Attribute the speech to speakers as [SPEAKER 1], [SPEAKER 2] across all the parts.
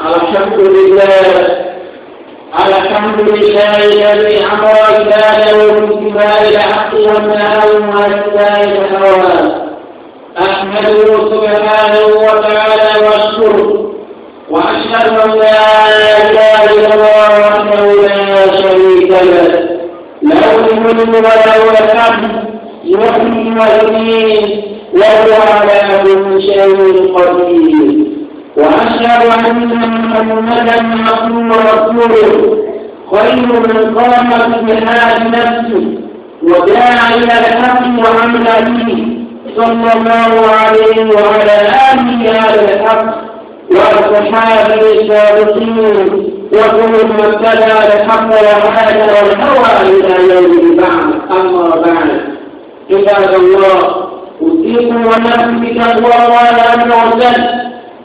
[SPEAKER 1] الحمد لله الحمد لله الذي امر عباده باتباع الحق ونهاهم عن اتباع الهوى احمده سبحانه وتعالى واشكره واشهد ان لا اله الا الله وحده لا شريك له له الملك وله الحمد يحيي ويميت وهو على كل شيء قدير وأشهد أن محمدا عبده ورسوله خير من قام بها نفسه وداعي إلى الحق وعمل به صلى الله عليه وعلى آله على الحق وأصحابه الصادقين وكل من ابتدى الحق وعاد والهوى إلى يوم بعد أما بعد عباد الله أوصيكم ونفسي بتقوى الله عز وجل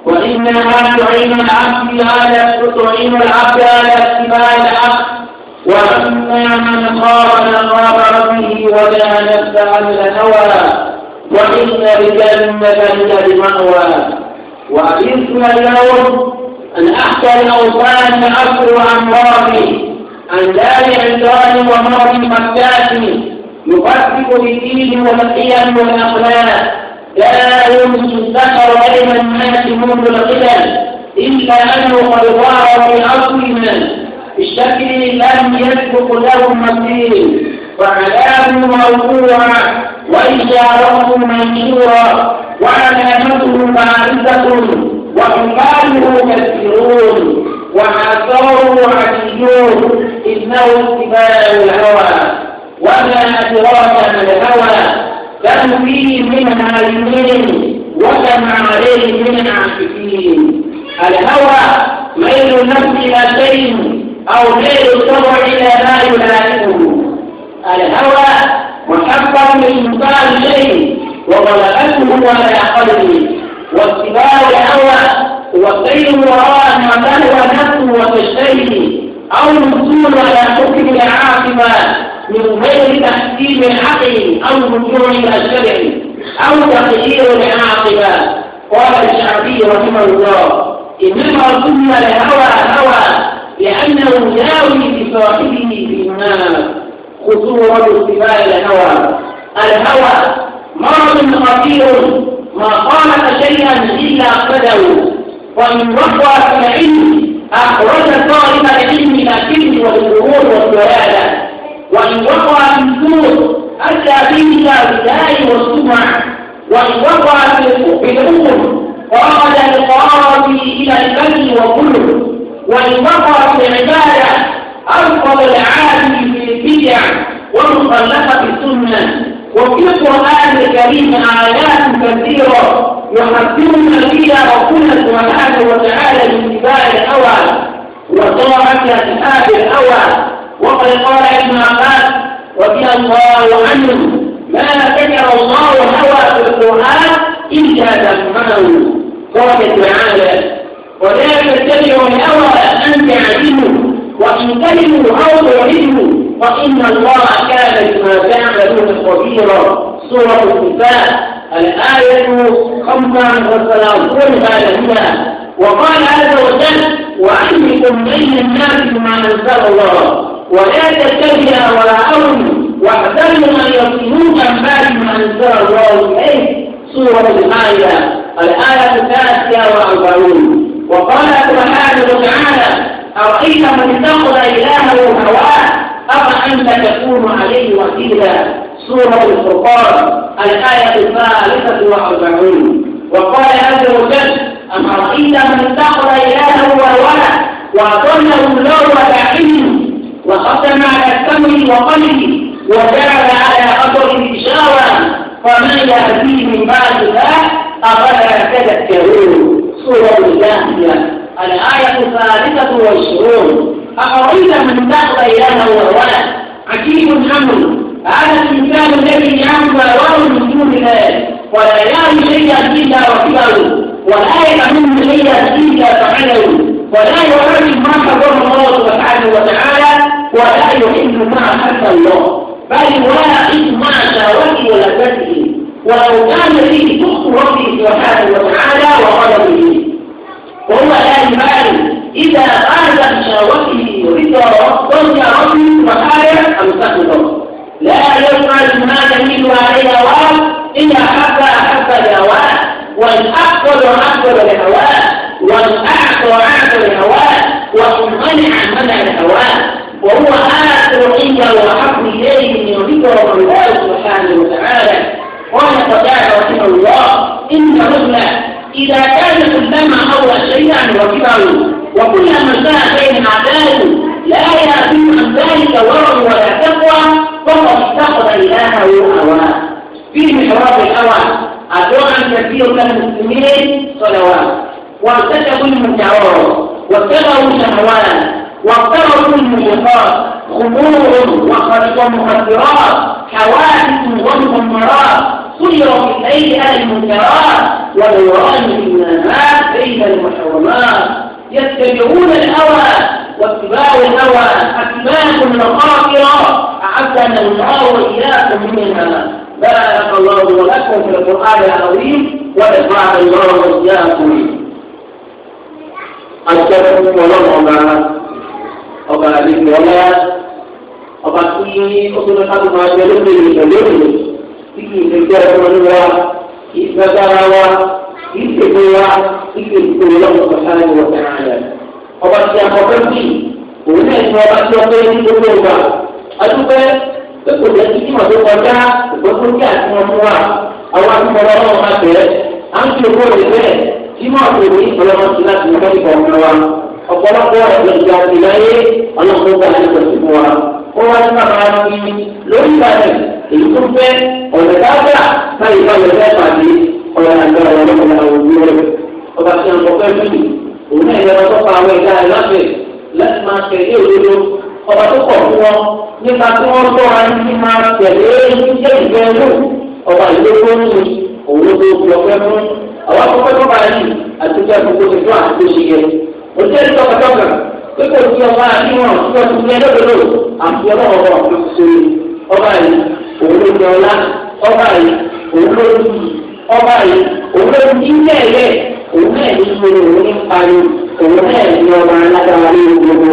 [SPEAKER 1] وإن الآن تعين العبد على تعين العبد على اتباع الحق وأما من خاف مقام ربه ولا نفس عن الهوى وإن الجنة هي المأوى وأبيتنا اليوم أن أحسن الأوطان أكثر عن مرضي عن دار عدوان ومرض مكاتي يقدم بدينه والقيم والأخلاق لا يمس الذكر علم الناس منذ القتل إلا أنه قد ظهر في أصلنا بشكل لم يسبق له مسير وعلام موضوع وإشارة منشورة وعلامته معرفة وحفاظه كثيرون وعصاه عديون إنه اتباع الهوى وما أدراك عن الهوى كانوا فيه من عالمين وكان عليه من عاكفين الهوى ميل النفس إلى شيء أو ميل الطبع إلى ما يلائمه الهوى محبة لإنسان شيء وغلبته على قلبه واتباع الهوى هو السير وراء ما تهوى نفسه وتشتهي أو نزول على حكم العاقبة من غير تحكيم عقلي أو رجوع الشرع أو تغيير عاقبة قال الشعبي رحمه الله إنما سمي الهوى هوى لأنه ياوي بصاحبه في النار خطورة اتباع الهوى الهوى مرض خطير ما خالف شيئا إلا قدره ومن رفع في العلم أخرج طالب العلم من الكذب والشرور والضلالة وإن وقع بالسوء أتى بك البلاء والسمع وإن وقع بالأمر قال القاضي إلى البني وكله وإن وقع بالعبادة أرفض العالم في البدع ومخلفة السنة وفي القرآن الكريم آيات كثيرة يحذرنا فيها ربنا سبحانه وتعالى من اتباع الهوى وطاعة أصحاب الهوى وقد قال ابن عباس رضي الله عنه ما ذكر الله هوى في القرآن إلا تفهمه قال تعالى ولا تتبعوا الهوى أن تعدلوا وإن تلموا أو تعرفوا وإن الله كان بما تعملون خبيرا سورة الكفاح الآية خمسة وثلاثون هنا وقال عز وجل وعلمكم بين الناس ما أنزل الله ولا تتبع وراءهم واحذروا ان يصلوك بعد ما انزل الله اليه سوره الايه الايه الثالثه والاربعون وقال سبحانه وتعالى ارايت من اتخذ الهه هواه افانت تكون عليه وكيلا سوره الفرقان الايه الثالثه والاربعون وقال عز وجل ام رايت من اتخذ الهه هواه واضله الله على وختم على التمر وقلبه وجعل على قدره إشارة فمن يهديه من بعد الله أفلا تذكرون سورة الجاهلية الآية الثالثة والعشرون أقريت من دخل إله وولد عجيب الأمر هذا الإنسان الذي يعمل وله من دون الله ولا يعلم شيئا إلا وكله ولا يعلم شيئا إلا فعله ولا يعلم ما حضر الله سبحانه وتعالى ولا يحب مع حتى الله بل واقف مع شهوته ولذته ولو كان فيه سخط ربه سبحانه وتعالى وغضبه وهو لا يبالي إذا قال بشهوته ورضا ضل ربه وحايا أم سخطه لا يفعل ما يميل عليه هواه إلا حتى أحب لهواه والأفضل أفضل لهواه والأعطى أعطى لهواه ومنع منع لهواه وهو آخر حجة وأحب إليه من يريده الله سبحانه وتعالى قال قتادة رحمه الله إن الرجل إذا كان كلما أورى شيئا وكبره وكلما ساء بين أعدائه لا يأتي عن ذلك ورع ولا تقوى فقد اتخذ إلهه هواه في محراب الهوى أدعى كثير من المسلمين صلوات وارتكبوا المتعارض واتبعوا شهوات والطرف المشقات خمور ومخدرات حوادث ومغمرات خيروا في الليل على المنكرات ودوران الإمامات بين المحرمات يتبعون الهوى واتباع الهوى أسماك مخاطرة أعدنا الله وإياكم منها بارك الله لكم في القرآن العظيم ونفعنا الله وإياكم أشكركم ولهم ọba àlejò ọlá ọba tó ní ọdún ká tó máa jẹ lóbìnrin pẹ̀lú tí kì í ṣe jẹ́ ọmọ ní wa kì í gbàgbára wa kì í ṣègbè wa kì í ṣe ìṣòro lọ́wọ́ sọ̀tàlẹ̀ wọ̀ sọ̀tàlẹ̀ ọba tí a kọ́ fẹ́ bì òun náà ní ọba tí ọba yẹn ní gbogbo ọba adúgbẹ́ pé kò jẹ́ kí ìmọ̀ tó kọjá ìgbọ́sọ́ kí àti wọn fún wa àwọn akíkọ̀ọ́ ọlọ́run máa bẹ̀rẹ̀ à ń ṣe owó rẹ̀ bẹ́ẹ̀ tí mọ̀ ọ̀pọ̀lọpọ̀ ẹ̀sìn ìgbà ti láyé ọlọ́pọ̀ wà ní ìtọ́sí fún wa. ó wá ní bàbá mi lórí ìbàdàn èyí tó fẹ́ ọ̀rẹ́ dáadáa báyìí bá yọ̀ fẹ́ pàdé ọ̀rẹ́ àgbàrá ọlọ́pàá òwúrọ̀ rẹ̀. ọba tí wọn kọ fẹ́ lùdì òun náà yẹ ọkọ̀ pa àwọn ẹ̀dá ẹ̀ láti láti máa tẹ̀lé òdodo ọba tó kọ̀ fún wọn nípa tí wọ́n tọ́ ara ní máa tẹ̀lé iṣẹ́ ìfẹ́ lù ọba ìdókòwò ni òun ló tó fi ọ̀fẹ́ fún àwọn akọ́fẹ́ tó bá yìí àti tó yẹ kó ti tó àti tó ṣe yẹ òṣìṣẹ́ tọkàtọkà pé kò sí ọba àdúrà ṣùgbọ́n tó ní ẹlẹ́dọ̀dọ̀ àti ọlọ́wọ́ ọba ọ̀gbọ́n ti ṣe ọba yìí òun ló jẹ ọlá ọba yìí òun ló ní ọba yìí òun ló ní ilé ẹ̀yẹ òun náà ní ṣe òun ní parí òun náà ní ọba alágbára ní gbogbo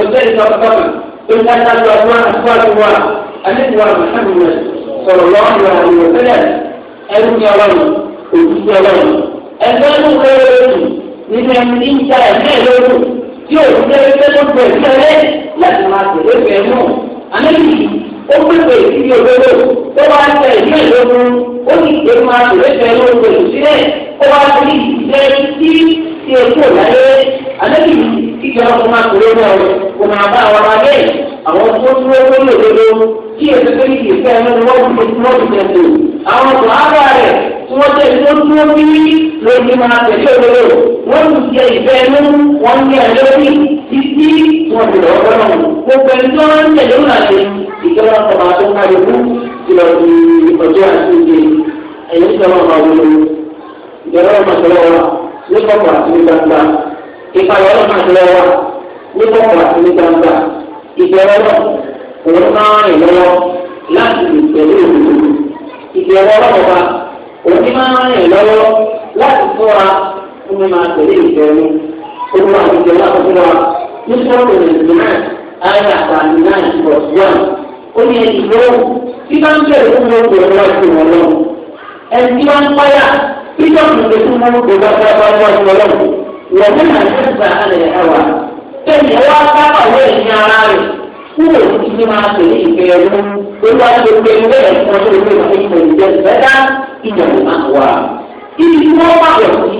[SPEAKER 1] òṣìṣẹ́ tọkàtọkà pé kájá lọ wá àtúwájú wa àdéhùwà Muhammad sọ̀rọ̀ lọ́wọ́ àwọn ọ̀rọ̀ tẹ́lẹ̀ nínú ẹni ní ìjà ẹ̀mí lóru tí o ti tẹ́lẹ̀ tẹ́lẹ̀ pẹ̀ tẹ́lẹ̀ láti máa tẹ̀lé pẹ̀ mọ́. Àlejò ó pèpè ìdílé òdodo tó wá ń tẹ̀ ẹ̀mí lóru ó ní ìgbé máa tẹ̀lé pẹ̀ lóru pẹ̀lú sílẹ̀ ó wá sí ìdílé tí ti èkó láyé. Àlejò ìjọ ọkọ̀ máa tẹ̀lé mọ́ kò máa bá àwọn ọmọ abẹ́ àwọn tó dúró wọ́n jẹ́ tó dúró bí lójú máa tẹ̀lé òdodo wọ́n sì jẹ́ ìfẹ́ inú wọ́n ń yẹ lórí títí wọn ti lọ́ọ́ bọ́ náà gbogbo ẹni tó ń tẹ̀lé òun àti ìjọba ọba tó ń kárí fún ìlọ sí ọjọ́ àti ìdè ẹ̀yìn ìjọba ọba wọlé ìjọba ọba tó lọ́wọ́ ní kọ̀ọ̀kọ̀ àti ní gbangba ìpàyọ̀ ọba tó lọ́wọ́ ní kọ̀ọ̀kọ̀ àti ní gbangba ìjọba ọba òun náà láti ìtẹ̀lé òdodo òní máa ń rìn lọ́wọ́ láti fúnra fún mi máa tẹ̀lé ìfẹ́ mi fún wa ìfẹ́ wa fún wa ní sọ́ọ̀rọ̀ ìlú náà ayé àtàlù náà ti bọ̀ sí wọn. ó ní ẹni lóhùn tí bá ń bẹ̀rẹ̀ fún wọn gbọ́dọ̀ wá sí wọn lọ́wọ́. ẹni tí wọ́n ń páyà tí dọ́kítà lè fún wọn gbọ́dọ̀ wá sí wọn lọ́wọ́. wọ́n mú àjẹsà àlẹ́ ẹ̀wà. bẹ́ẹ̀ ni ẹ wá ká kúrò títí máa tẹ̀lé ìfẹ́ ẹ̀rú olú àti ọgbẹ́ ẹgbẹ́ ẹ̀fọn tó lè wọ́n ní ìfẹ́ ìfẹ́dá ìyàwó máa wà. ibi tí wọ́n bá wọ̀ sí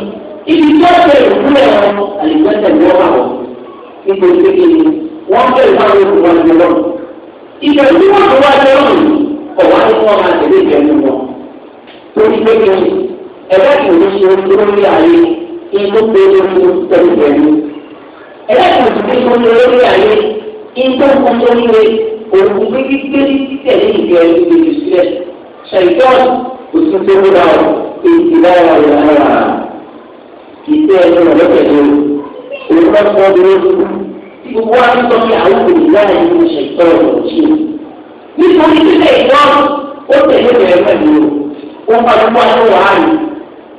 [SPEAKER 1] ibi tí wọ́n tẹ ìwúlẹ̀ wọn àlùfẹ́sẹ̀ ni wọ́n bá wọ̀ nígbà ìgbéke ni wọ́n bẹ̀rẹ̀ máa wọ ìwà ìjọ lọ. ìgbà tí wọ́n tó wá jọ lọ́nà ọ̀wá ni wọ́n máa tẹ̀lé ìfẹ́ wọn. torí pé kí ẹ̀fẹ́ kò ní ṣe olórí ayé inú pé olórí tẹ̀lé ìfẹ́ ẹ̀rú ẹ̀fẹ́ kò ní ṣe olórí ayé ìgbà kan tó níwe òògùn gbégi gbégi títẹ̀lé ìgbà ẹni ṣàìtọ́n òsì tó ọ èyí lára ìlànà ìtẹ́ ẹni rẹ̀ lọ́tẹ̀lé o òun bá sọ ọdún lójú tí gbogbo wa ń sọ pé àwọn òbí lára ẹni ní ṣàìtọ́n ọ̀jì nítorí títẹ̀ ìtọ́n ó tẹ̀lé bẹ̀rẹ̀ pẹ̀lú o wọn bá gbogbo àwọn wàhálì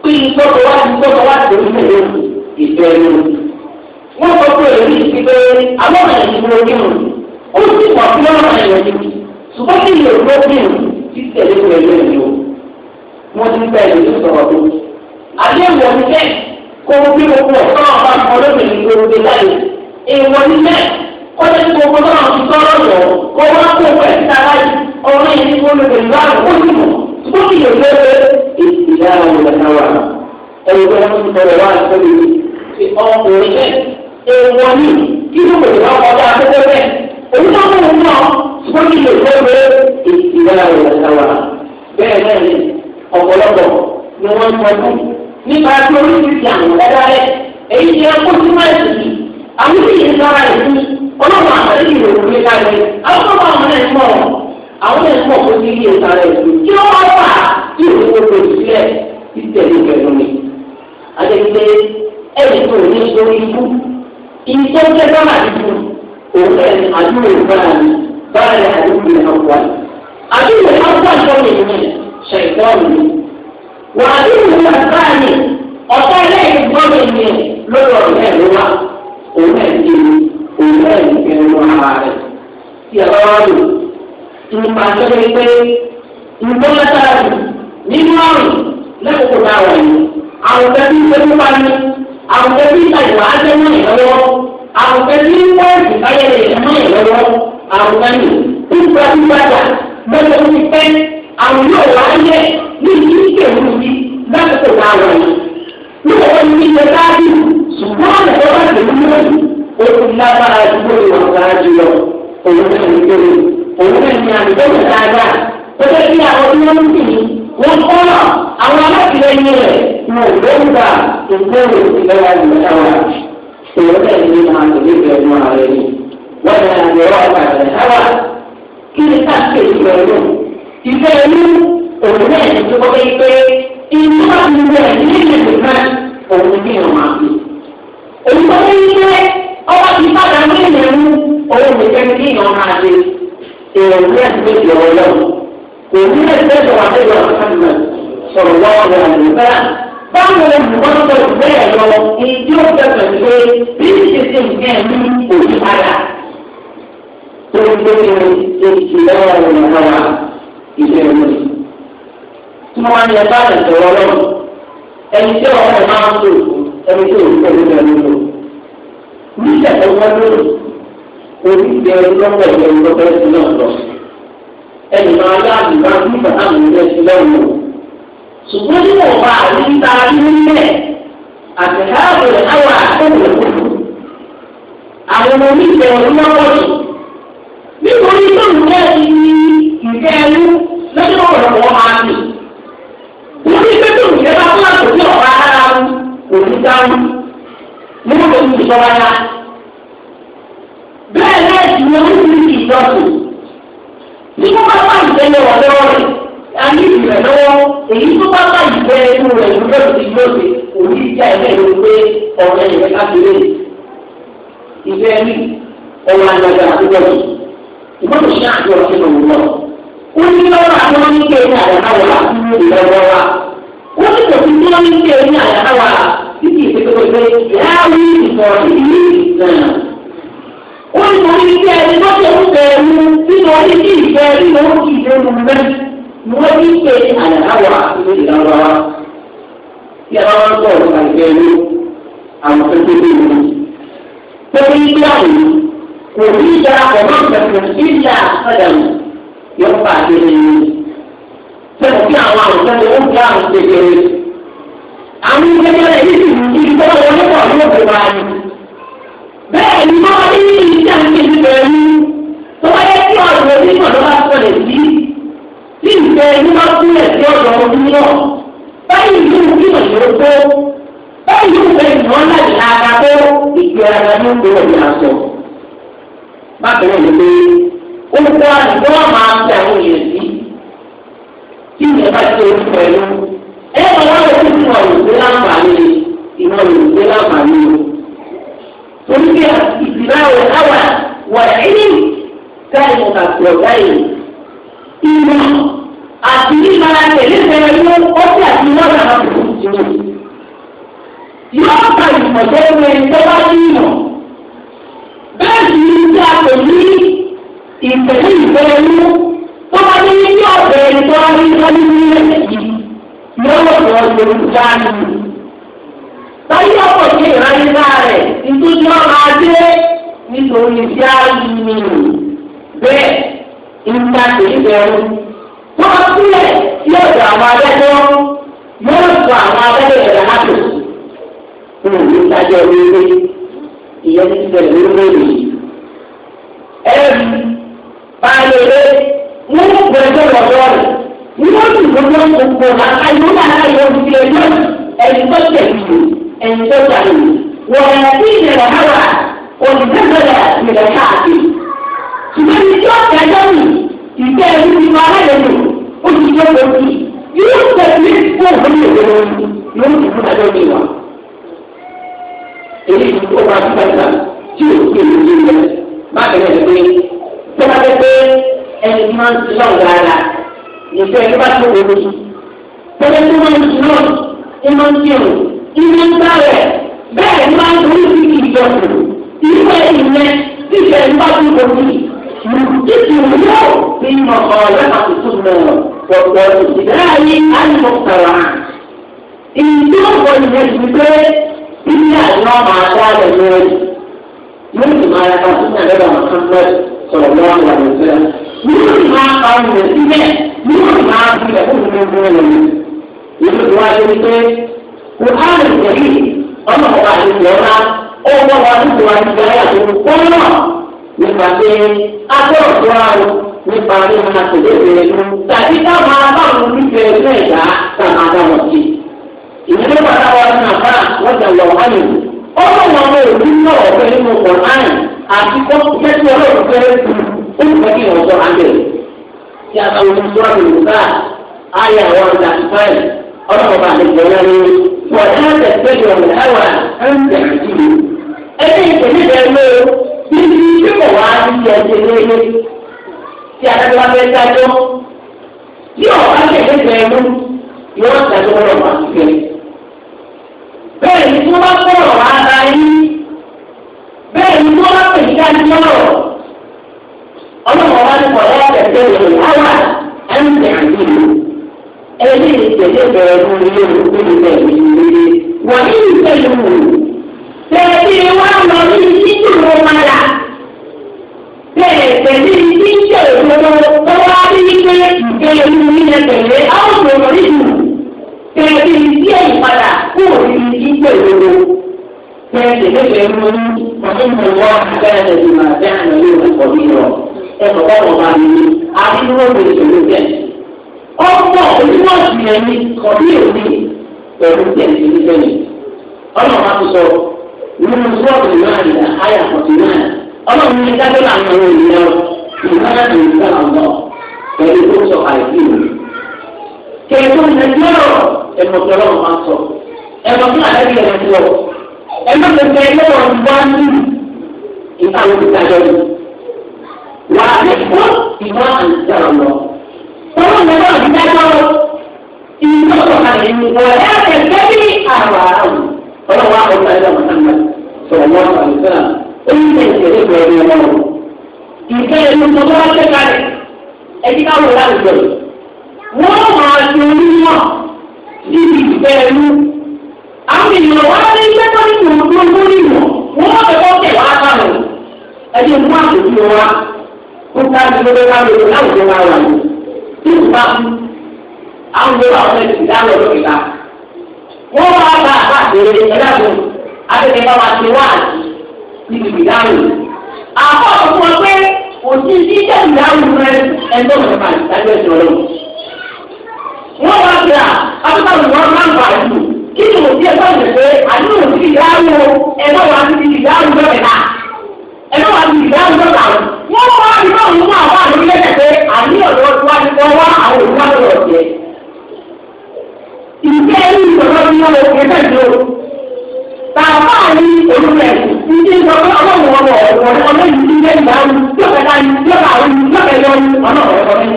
[SPEAKER 1] pé ìtọ́kọ̀ wá ìtọ́kọ̀ wá tẹ̀lé ìtọ́kọ̀ wọ́n sọ pé èyí ti pé àwọn ẹ̀yìn ìlú kírun ó sì wà fún àwọn ẹ̀yìn ìlú ṣùgbọ́n kí ìlú ìlú kírun ti tẹ̀lé pẹ̀lú ẹ̀yìn o wọ́n ti gba ẹ̀yìn ìlú sọ̀rọ̀ tó. àlẹ́ ìwọ ni bẹ́ẹ̀ kó o bí gbogbo ọ̀sán ọba kan lóbìnrin ló gbé láyé ìwọ ni bẹ́ẹ̀ o tí gbogbo náà ti sọ̀rọ̀ lọ kó wá kó o pẹ̀lú sáláyé ọ̀rọ̀ yìí ti wọ́n lóbìnrin láàrú ó ti mọ̀ ṣùgbọ́n kí ìlú ìlú ìlú ìlú ìlú èèwọ̀ ni kí ló pèsè wá kọjá afẹ́fẹ́ bẹ́ẹ̀ onídàájọ́ òun náà ṣùgbọ́n kí lè fẹ́ bẹ́ẹ̀ ìgbà rẹ̀ sáwà bẹ́ẹ̀ náà ni ọ̀pọ̀lọpọ̀ ni wọ́n ń tọ́jú nípa tí oríṣiríṣi àwọn ọ̀dá rẹ̀ èyí ti ẹ kó sínú ẹ̀sìn yìí àwọn ìdílé ń sára rẹ̀ fún ọlọ́run àtàlẹ́ ìlú òkúlé kalẹ̀ àwọn ọmọ àwọn ẹ̀ mọ̀ àwọn ẹ̀ mọ̀ kó sí ilé ìsàlẹ̀ ìlú kí wọ́n wá wà kí òun kò tó sílẹ̀ títẹ̀lé ìgbẹ̀rún mi. àdéhùn ẹni tó ní sórí ikú ìtọ́ tẹ bára dìbò òun ẹ̀ àdúrà ìbára mi bára ẹ̀ àdúrà ìhàpá àdúrà ìhàpá sọ̀rọ̀ ìyẹn ṣẹ̀tọ́ọ̀nù mi wà àdúrà ìhàpá mi ọ̀tá ẹlẹ́yìn gbọ́dọ̀ mi lórí ọ̀rọ̀ ẹ̀ ló wá òun ẹ̀ ti òun ẹ̀ ti fi ẹnu ara rẹ̀ tí a bá wá lò nípa sọ́dọ̀ pé ìgbọ́lá sáà nínú àrùn lẹ́kọ̀ọ́ náà wà ní àwùjọ tí ìta ìwà ajẹ́ mọ́ ìlọ́wọ́ àwùjọ tí wọ́n ẹ̀sìn báyẹ̀ lè jẹ́ mọ́ ìlọ́wọ́ àwùjọ ni nípa nígbàdà lọ́jọ́ tó ti pẹ́ àwùjọ wà á yẹ ní ìlú ìkẹ̀wù bí lásìkò náà wà ní. nígbà wọn ní ilẹ̀ káàdì ṣùgbọ́n àlẹ́ wọn bá tẹ̀lé lónìí ó ti lágbára àdúgbò ìwà gbára jùlọ òun náà ní wọ́n kọ́nà àwọn alátìlẹyìn rẹ̀ wọn ò lóun gbà ìgbéró ìlera ìmọ̀sára èèyàn bẹ́ẹ̀ ni máa ń lè bẹ̀rẹ̀ mọ́ ara ẹni wọ́n ní àyẹ̀wò àgbàdo àwa kí ni káàkiri ìgbẹ̀rù ìgbẹ́ ẹni òun náà ti tó kọ́kẹ́ pé inú àbúrò ẹ̀ nílẹ̀ nìkan òun ní ìwọ̀n àbí. òun tó ní ilé ọwọ́ ti padà ní ìlẹ̀ mú òun nìkan ní ìwọ̀n àbí èèyàn náà ti tó kò ní ẹsẹ̀ sọ̀rọ̀ àtẹ̀jọ́ àkànnà sọ̀rọ̀ lọ́wọ́ àlè bẹ́ẹ̀. báwo lè mú wọn sọ bẹ́ẹ̀ lọ ìdí ó fẹ́ pẹ̀lú pé bí ìṣesí nǹkan ẹ̀mí kò ní ara. tó ń gbé ìṣẹ̀lẹ̀ ọ̀rọ̀ ìjọba ìṣẹ̀lẹ̀ mi. tí wọ́n yẹ bá ẹ̀sẹ̀ wọ lọ́wọ́ ẹni tí ọmọ ẹ̀ máa ń lò ẹni tí òun pẹ̀lú ẹni lò. lò orí ìgbẹ́ ẹni lọ́pọ̀ ẹnì máa yá àdìgbà bí bàtà mi lè ṣe lọ́wọ́. ṣùgbọ́n tí mo bá àdìgbà nílẹ̀ àtẹ̀káàbọ̀ àwọn àtẹ̀kọ̀ àwọn oníṣẹ́ ọlọ́wọ́sì nítorí tó ń bẹ́ẹ̀ ní ìfẹ́ ẹlú lọ́jọ́ ọ̀rọ̀ máa nì. Orí pé tó ń jẹ́ bá fún àtòkí ọ̀pá ara wọn kò ní dáhùn. Mo mọ̀ ní ìṣọ́ra náà. èyí tó bá bá ìgbẹ́ inú rẹ̀ ló bẹ̀rù sí lóde òní ìjà ẹ̀mẹ́ ló pé ọ̀rẹ́ rẹ̀ lábẹ́rẹ́ ìgbẹ́ mi ọ̀rọ̀ àgbàgbà àdúgbò mi ìgbọ́dọ̀ ṣe àjọ ọ̀sẹ̀ lòun lọ. ó ní lọ́wọ́ àwọn oníke ní àyàkáwà ìlọ́wọ́ wa ó ní kò sí lọ́wọ́ oníke ní àyàkáwà títí ìpínlẹ̀ láàrú tó
[SPEAKER 2] ṣe ń
[SPEAKER 1] bẹ̀rù wọ́n ní pé àyàwó àti ìlànà tí a máa ń sọ̀rọ̀ àìpẹ́ ní àwọn kékeré mi. Pẹ̀lú ìgbé àwọn kò ní ìjà ọ̀nà ìgbàgbọ́ ìjà àkàdàmù yóò fà kéré ní. Pẹ̀lú kí àwọn àwùjọ ni wọ́n jẹ́ àwọn kékeré. Àwọn kékeré yìí ti di ìgbọ́ wọlé pọ̀ ní òkè wa ni. Bẹ́ẹ̀ ni wọ́n ìjà ń kékeré ní.
[SPEAKER 2] Tọ́wọ́ yẹ kí ọ̀rọ̀ òní kọ̀ bá
[SPEAKER 1] sọ̀rọ̀ tí ìfẹ́ inú máa túlẹ̀ sí ọ̀dọ̀ ọdún náà báyìí ìlú kí òṣèré tó báyìí ìlú fẹ́ ìmọ̀ láti ara tó ìgbé ara ní ìgbé ọ̀dẹ̀ àṣọ. bákan náà ni pé ó kọ́ àdúgbò yọkù ìwé ìyẹn níṣẹ ìwádìí òbí títí yóò fi mọ ọ̀rẹ́ àtúntò náà pọ̀pọ̀ ìdáyé àyùmọ̀tàrà ìdí ọ̀pọ̀ ìyẹn ti pé bíbí àjọ máa dá rẹ̀ lórí yóò sì máa yàtọ̀ sí nàìjíríà mohammed sọ̀rọ̀ lọ́wọ́ àwọn ìṣẹ́ yóò sì máa pa ọmọ rẹ̀ síbẹ̀ yóò sì máa fi ẹ̀kọ́ ìgbìmọ̀ rẹ̀ lórí yóò sì wáyé wípé kò á lè tẹ̀lé ọmọ ọ̀gá àti ìyọ̀lá ó mọ wa nípa wa nípa ayé àtúntò kọ́nà nípa pé agbọ́dọ̀ àrùn nípa ní máa tẹ̀lé ìrẹ̀ nù tàbí táwọn abáwọn olùfẹ́ ẹgbẹ́ ẹ̀dá táwọn adáwọ̀ sí. ìdílé padà wà ní àbá wọ́n jà lọ wáyé wò. ó mọ wọn mọ òbí náà ọ̀fẹ́ nínú kọ̀ọ̀án àti kó kẹ́sì ọlọ́run fẹ́rẹ́ tu ó ń fẹ́ kí ọ̀sọ́ àgbẹ̀. tí a bá wọn sọ àbẹ̀wò ayé àwọn ọ̀dà ìfẹ́ ọlọ́run bá àlejò náà ní wọ́n ẹni ìpèníjà ló bíbí tí kò wá sí ẹsẹ̀ lóye tí adájọ́ bá fẹ́ dájọ́ tí ọ̀gá ìpèníjà ló yóò dájọ́ lọ́rọ̀ máa ń bẹ́ẹ̀ ni tí wọ́n bá kọ̀rọ̀ wá ara yín bẹ́ẹ̀ ni tí wọ́n bá pè ní dájọ́ lọ́rọ̀ ní kọ̀ọ̀dá ẹ̀kẹ́ rẹ̀ tẹ̀lé wá lọ ní títí mo máa là bẹ́ẹ̀ tẹ̀lé títí ìṣòro tó wá rí pé ìṣẹ̀lẹ̀ inú mi lẹ tẹ̀lé àwọn òṣèlú nínú tẹ̀lé tí ẹ̀yìn padà kú òní ìṣòro tẹ̀lé tẹ̀lé mo ní ọdún mo wá abẹ́rẹ́ tẹ̀lé màá bẹ́ẹ̀ àná yóò wọ́n kọ́ mi lọ ẹ̀kọ́ bá wọn máa mi àbí dúró mi ìṣòro bẹ́ẹ̀ ọ̀pọ̀ onímọ̀ ìṣìyẹn ni kọ̀bí òní nínú sọ́ọ̀tù náà ní àyà fọ̀tù náà ọlọ́run ní dájọ́ làwọn ọ̀rọ̀ ènìyàn ìmọ̀ràn ní ìgbàlá ọ̀dọ́ pẹ̀lú tó sọ àìsí rẹ̀. kẹ̀kọ́ ìdájọ́ ẹ̀mọ̀ tọ́lọ́ máa sọ ẹ̀mọ̀ tó àlẹ́bí ẹ̀ sọ ẹ̀mọ̀ tẹ̀sẹ̀ lọ́wọ́ wá ní ìtàwọn ìdájọ́ yìí. wà á lè kó ìmọ̀ àìsí ọ̀lọ́ tọ́lọ́ náà ìdájọ́ ìmọ̀ tọ́lọ́ àìsí ọ̀lọ́ sọ̀rọ̀ àlùfẹ́ ó ní ìṣẹ̀lẹ̀ ìṣẹ̀lẹ̀ ìṣẹ̀lẹ̀ ọmọ ìfẹ́ ẹni tó bá ṣe kalẹ̀ ẹni ká wọlé àwùjọ wọ́n máa ṣe onímọ̀ níbi ìfẹ́ ẹnu àwọn èèyàn wá ní gbẹ́tọ́ nínú ọdún tó ní ìmọ̀ wọ́n máa fẹ́ kọ́ kẹwàá àtàwọn ẹni mú àtúntò wa kó ká ní gbogbo ká lóko láwùjọ wa wà bá kú bá àbá àtẹ̀rẹ̀ ẹ̀dá akẹ́kẹ́ bá wa ṣe wá níbi ìdáhùn. àbọ̀ fún ọ pé òsì sí ìjẹ́ ìdáhùn rẹ ẹgbẹ́ òṣèlú máa ń dájú ẹ̀sìn ọlọ́run. wọ́n wá sí à afẹ́fẹ́ òṣèlú máa ń bàjẹ́ kí ni òsì ẹgbẹ́ òṣèlú olùkẹ́ ìdí sọ ọlọ́run wọn wọ̀ ọ̀rọ̀ ọlọ́run ti lé ìgbà wọn lọ́kẹ́ láyé lọ́kẹ́ àwọn lọ́kẹ́ yọ ọ̀nà ọ̀rọ̀ ọ̀rọ̀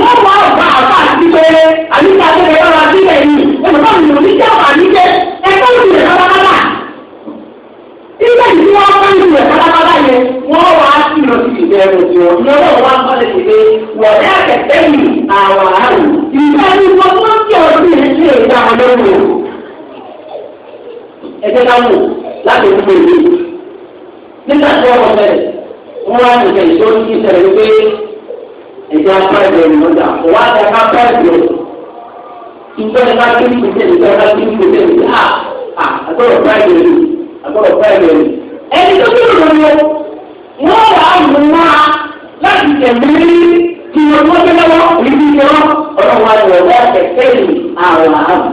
[SPEAKER 1] wọ́n wá ọ̀gá àbá àti pé àyíká tó lè rọra sílẹ̀ yìí ẹ̀fọ́ mi ò ní jẹ́ ọ̀gá nígbẹ́ ẹ̀fọ́ mi lè pátápátá. Ilé ìlú wọn bá ń lè pátápátá yẹn wọ́n wá sí lọ sí ìbẹ̀rù tiwọn. Lọ́wọ́ ẹgbẹ́ ká mú láti ojú pé èyí. nígbà tí wọ́n kọ́ sẹ́lẹ̀ wọ́n wá nìkẹ́ ìṣó ní kí sẹ́lẹ̀ wípé ẹ̀jẹ̀ apáìlì ọ̀nà ọjà wọ́n á jẹ́ apáìlì ọ̀nà. ìgbọ́n ẹ̀ka kí ní kòtẹ́ ìgbọ́n ẹ̀ka kí ní kòtẹ́ ìgbọ́n ẹ̀ka àgbọ̀rọ̀ apáìlì ọ̀nà àgbọ̀rọ̀ apáìlì ọ̀nà. ẹni tó kí ló lọ wọ́n wà á mú wá láti tẹ̀lé ìyọ̀nmọ́tẹ́lẹ́wọ́ ìdíjọ́ ọ̀rọ̀ wa lọ́wọ́ ẹ̀kẹ́ ìlú àwọn àmì.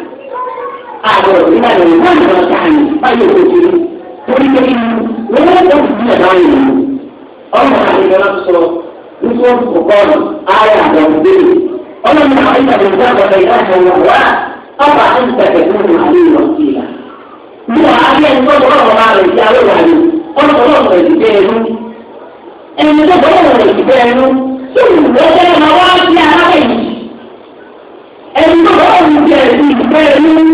[SPEAKER 1] a nígbà tó ń wọ́n lọ sáàyè báyìí kò tó torí pé kí wọ́n wọ́n tó fi díẹ̀ náà yìí ọmọ àgbẹ̀dọ̀ náà sọ nígbà tó kọ̀ bọ́ọ̀lù ààrẹ náà ìgbà tó ń ọba tó ń ìlọ sí ìlà. wà á bí ẹni tó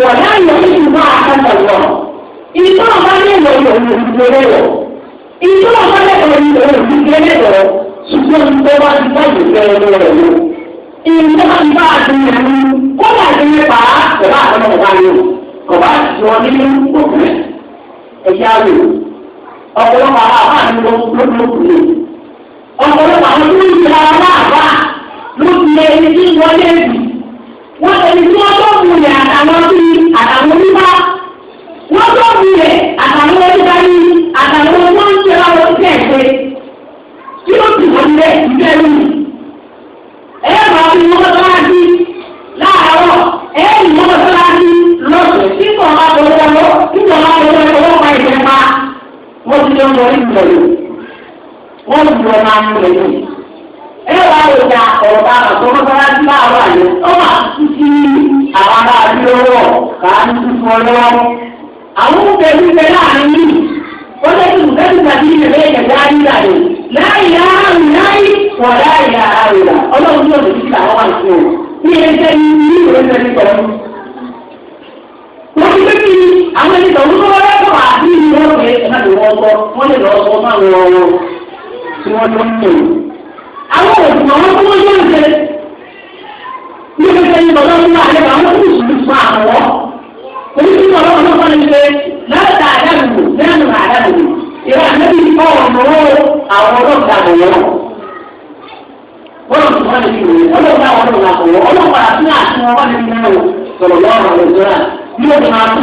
[SPEAKER 1] wọ́n yá yọ ní ìlú àkàtà wọn. ọba ní ìwọ yọ ní ìdílé rẹ̀. Ìtọ́ ọba ní ìwọ yọ ìdílé rẹ̀. Ṣùgbọ́n ìtọ́ wa ti bá ìlú fẹ́ rẹ̀ lọ. Ìtọ́ wa ti bá ìdílé pa ọba àtọ́nà ọba yóò. Ọba ti wọn ní òkúrẹ́. Ẹ̀yà rò. Ọ̀pọ̀lọpọ̀ àwọn àbá mi ló lókùnrin. Ọ̀pọ̀lọpọ̀ àwọn wọ́n ẹni tí wọ́n tó mú yẹ àtàwọn bí àtàwọn oníbà wọ́n tó mú yẹ àtàwọn oníbà ní àtàwọn owó ń ṣe láwọn oṣù ẹ̀ṣẹ̀ tí ó ti wọ́n lé ìfẹ́ mi. ẹ máa fi wọ́n tó wá sí láàárọ̀ ẹ ìwọ́n tó wá sí lọ́sọ̀ tí kò máa bọ̀ wọ́wọ́ tí kò máa bọ̀ wọ́wọ́ wọ́n máa ìfẹ́ pa wọ́n ti lọ́ wọ ìgbọ̀ yìí wọ́n ti lọ́ máa ń lọ yìí. ẹ wá lè ọ̀rọ̀ bá àtọ́mọ́tọ́lá sí láàárọ̀ àyè ọmọ àwọn ará àdúgbò wọ̀ kàá ní fífọ́ lọ́wọ́. àwọn oúnjẹ gbígbẹ láàrin yìí wọ́n lè tún bẹ́ẹ̀ tún tàbí ìrẹ̀lẹ̀ ìjẹ̀dá ayíra rẹ̀ láì láàrin láì wọ̀ láì láàrin rà ọlọ́run yóò lè fi àwọn àti wọn. bí ẹ jẹ́ ní ní ìròyìn tẹ̀lé pẹ̀lú. wọ́n ti pé kí àwọn ẹni tọ̀hún tó wọ́n àti ìwọ́n pé ẹ̀ má lè wọ́n kọ́ wọ́n lè lọ́ níbi tí ẹni bàbá fún àlẹ́ bàbá fún ìṣòro fún àwọ̀ orí tí bàbá wọn fún ẹni pé lọ́dà àdàbò lẹ́nu àdàbò ìwà àdàbò ìfọ̀ ọ̀nàwó àwọn ọlọ́ọ̀dà àbọ̀wọ́ wọ́n wọ́n ti wòye ọlọ́ọ̀dà àwọn ọlọ́ọ̀dà àbọ̀wọ́ ọlọ́ọ̀dà àti àti wọn wọ́n ti fi náà sọ̀rọ̀ lọ́wọ́ àwọn ìjọra bí wọ́n wọ́n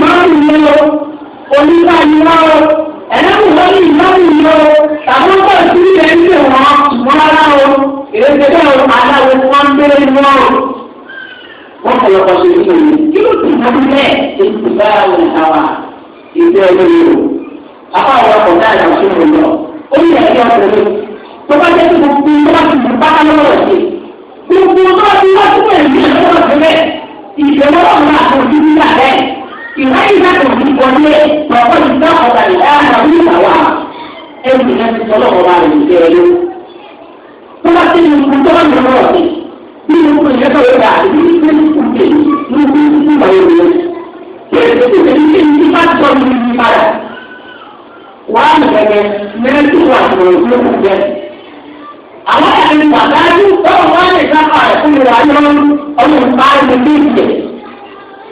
[SPEAKER 1] máa ń lo onígbà ni wọ́n o ẹlẹ́kùn wọn ní ìlọ́run ni o tàbí wọ́n sí ilẹ̀ ń pè wọ́n wọ́n rárá o ìrètí bẹ́ẹ̀ o aláwo tí wọ́n ń bẹ̀rẹ̀ ni wọ́n o. wọ́n kọ̀ lọ́kọ̀ sí ìlú yìí kí ló ti mọ bẹ́ẹ̀ èyí ti bá àwọn ìtawà ìgbé ẹgbẹ́ yìí o apá àwọn ọkọ̀ náà yà sí ìlú lọ ó ní ẹ̀jẹ̀ ọkùnrin tó bá jẹ́ gbogbo tó tó ti ìwé ìdájọ́ òní wọlé lọ́kọ́ ti dá ọ̀gá ìdá àwọn ìgbàwá ẹ̀rù ìdá ti sọ lọ́wọ́ wa rẹ̀ jẹ́ ẹ̀rọ. tó bá ti ní tó bá ní ọ̀rọ̀ rẹ̀ bí mo kò yẹ àti bí mo ti kú ní ibi tí mo wà lórí rẹ̀. bẹ́ẹ̀ tó ti tẹ̀lé ní ibi tó wà lórí ló kù jẹ́. àwọn ẹ̀rín bàbá yóò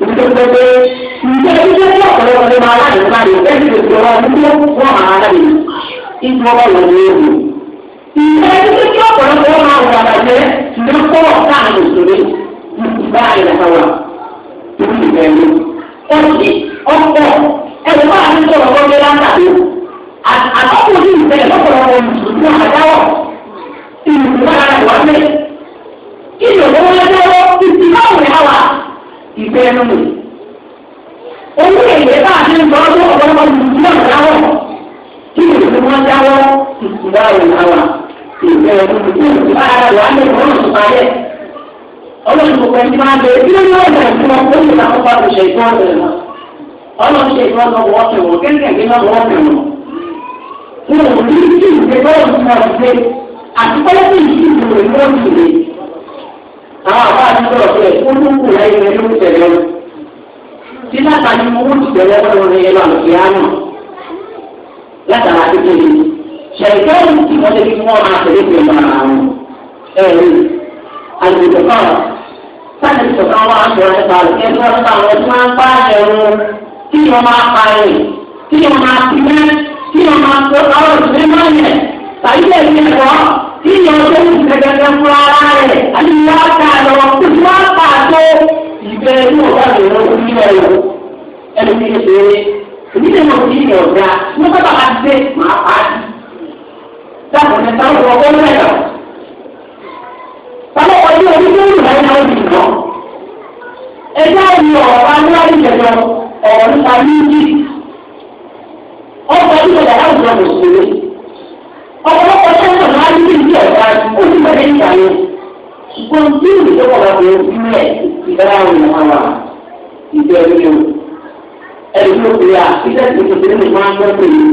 [SPEAKER 1] ìdókòwò ìdílé ìdílé ní ọ̀pọ̀lọpọ̀ ní máa láti máa lè fẹ́ẹ́ lè fi ọ̀rọ̀ ọdún tó wọ́n máa rà ọ̀rọ̀ ní èrò. ìdílé ìdílé ní ọ̀pọ̀lọpọ̀ wọ́n máa wà bàjẹ́ ṣùgbọ́n kọ́ ọ̀tá ìṣòro ìgbà ìlànà wa torí ìbẹ̀ ọ̀sì ọ̀pọ̀ ẹ̀rọ máa ń sọ̀rọ̀ ọ̀gbẹ́ látàdé
[SPEAKER 2] àtọ́kùnrin ìbẹ̀rẹ̀ lọ́pọ̀lọpọ̀
[SPEAKER 1] bẹ́ẹ̀ nù. owó èyí bá a ti ń bọ́ ọdún ọ̀pọ̀lọpọ̀ ìdílé ọ̀dáwọ̀ kí ni ìdílé wọn dáwọ́ ìtura ìlànà ìbẹ̀rẹ̀ ìdílé ìbára wà ní ìwọ̀n ìpàdé ọlọ́run kò pẹ́ẹ́ntì máa bẹ̀rẹ̀ kí ló ní ọ̀nà ìfún wọn kó nípa kó bá lè ṣe ìfún ọ̀sẹ̀ wọn ọlọ́run ṣe ìfún ọ̀sẹ̀ wọn ọ̀sẹ̀ kéńkèké náà wọ́n fẹ̀ ò ní kí ìgbé bọ́ọ̀lù náà ṣe àti pẹ́ẹ́ntì àwọn àbá àti sọ̀rọ̀ pé olúkú rẹ̀ ilẹ̀ ló ń tẹ̀lé o. tí láta ni mo wọ́n ti tẹ̀lé ọ̀rọ̀ rẹ̀ yẹn lọ àti àná látara kékeré ṣèǹkẹ́ òun ti wọ́n débi wọ́n máa tẹ̀lé pé màrà àwọn ẹ̀rí àgbègbè kan sáàtì sọ̀kan wà á sọ̀rọ̀ nípa rẹ̀ kí wọ́n bá wọn tí wọ́n bá ẹ̀rù kí wọ́n máa pa ẹ̀rù kí wọ́n máa ti mẹ́ kí wọ́n máa kó ọ̀rọ̀ ìgbé máa yẹ tàbí ẹ̀rí ẹ̀kọ́ tí ìyẹn tó ń fún ara rẹ̀ àyíwá ta lọ kó tí wọ́n pa tó ìgbẹ́ inú ọ̀gá rẹ̀ lọ sí ilẹ̀ rẹ̀ ẹni tí yóò ṣe é èmi lè mọ̀ sí ilẹ̀ ọ̀gá mo bá bàbá dé màá pa á dáàbò ní sáwọn ọmọ ọgbọ́n rẹ̀ lọ. bàbá ọdún orí tó ń rìn láyé náà ti lọ. ẹgbẹ́ òní ọ̀rọ̀ aláwọ̀ ìjẹ̀jọ ọ̀rọ̀ nípa ní ọkọ̀ ìjọba láwùjọ mùsùlùmí ọ̀pọ̀lọpọ̀ tó ń bí ìdí ọ̀gá ó ti bẹ̀rẹ̀ nígbà yẹn ṣùgbọ́n bí ìdókòwò ọ̀gbìn ìbílẹ̀ ìdára àwọn ọmọ wa ìjọ ẹ̀mí o ẹ̀mí o kò yà iṣẹ́ tí kò tẹ́lẹ̀ máa ń gbọ́dọ̀ yìí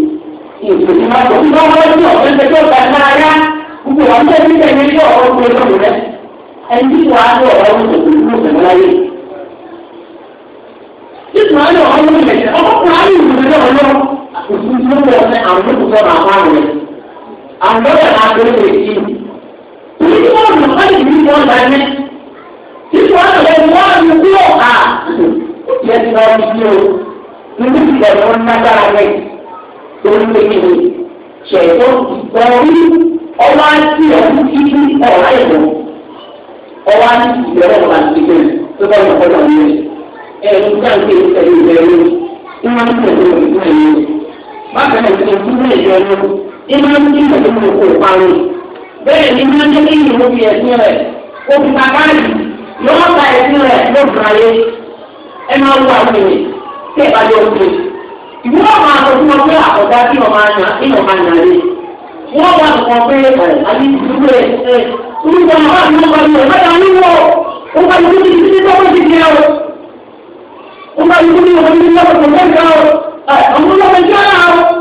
[SPEAKER 1] ìṣòro máa tó bá wọn ní ọ̀gbẹ́ tẹ́tẹ́ ọ̀gá náà yá gbogbo wọn tẹ́ ní tẹ̀lé ní ọ̀rọ̀ gbé lọ́rùn rẹ ẹni tí wàá ní ọ̀rọ̀ ń sọ̀tò nínú ìṣẹ̀lẹ̀ láyé. títí wọn ní ọ̀rọ̀ ń sọ̀tò ọkọ̀ àgbọ̀dọ̀ àgbọ̀dọ̀ èyí. Ní wọ́n lù ọ́ yìí ní wọ́n dání. Tí wọ́n lọ wọ́n lù kú ọ̀hà. Ó yẹ kí wọ́n lù kí o. Nínú ìgbà wọn nágbára rẹ̀ tó ń lé yìí. Ṣẹ̀dọ̀ ìgbà orí ọwọ́ àti ọ̀hún títí ọ̀rá ìlú. Ọwọ́ àti ìbẹ̀rẹ̀ ọ̀rá ìgbẹ́ tó bá yọ̀ kọ́lọ̀ ní ẹ̀rù káàkiri ìtẹ̀lé ìbẹ̀rẹ̀ ìwọ̀n ìtẹ̀lé ìbẹ̀rẹ̀ ìmọ̀ ní kí ló mú kó parọ́ bẹ́ẹ̀ ni máa ń jẹ́ kí ìlú fi ẹ̀sìn rẹ̀ kó fi bàbá yìí
[SPEAKER 2] yọ̀ọ́ ta ẹ̀sìn
[SPEAKER 1] rẹ̀ ló bùrọ̀ ayé ẹ máa wú àwọn èèyàn tẹ́ ẹ bá jọ gbé ìwé ọmọ àkọsíwọ pé àkọ́dá kí ọmọ àná kí ọmọ àná rè wọ́n wà nǹkan pé àbí ìdúró ẹ̀ ẹ̀ orúkọ àwọn àti wọn kọ́ni ọ̀gá ìyá wíwọ́ ó bá yẹ kó ti ti tọ́kọ̀ ti di ẹ̀ ó bá yẹ kó ti ti ti di ẹ̀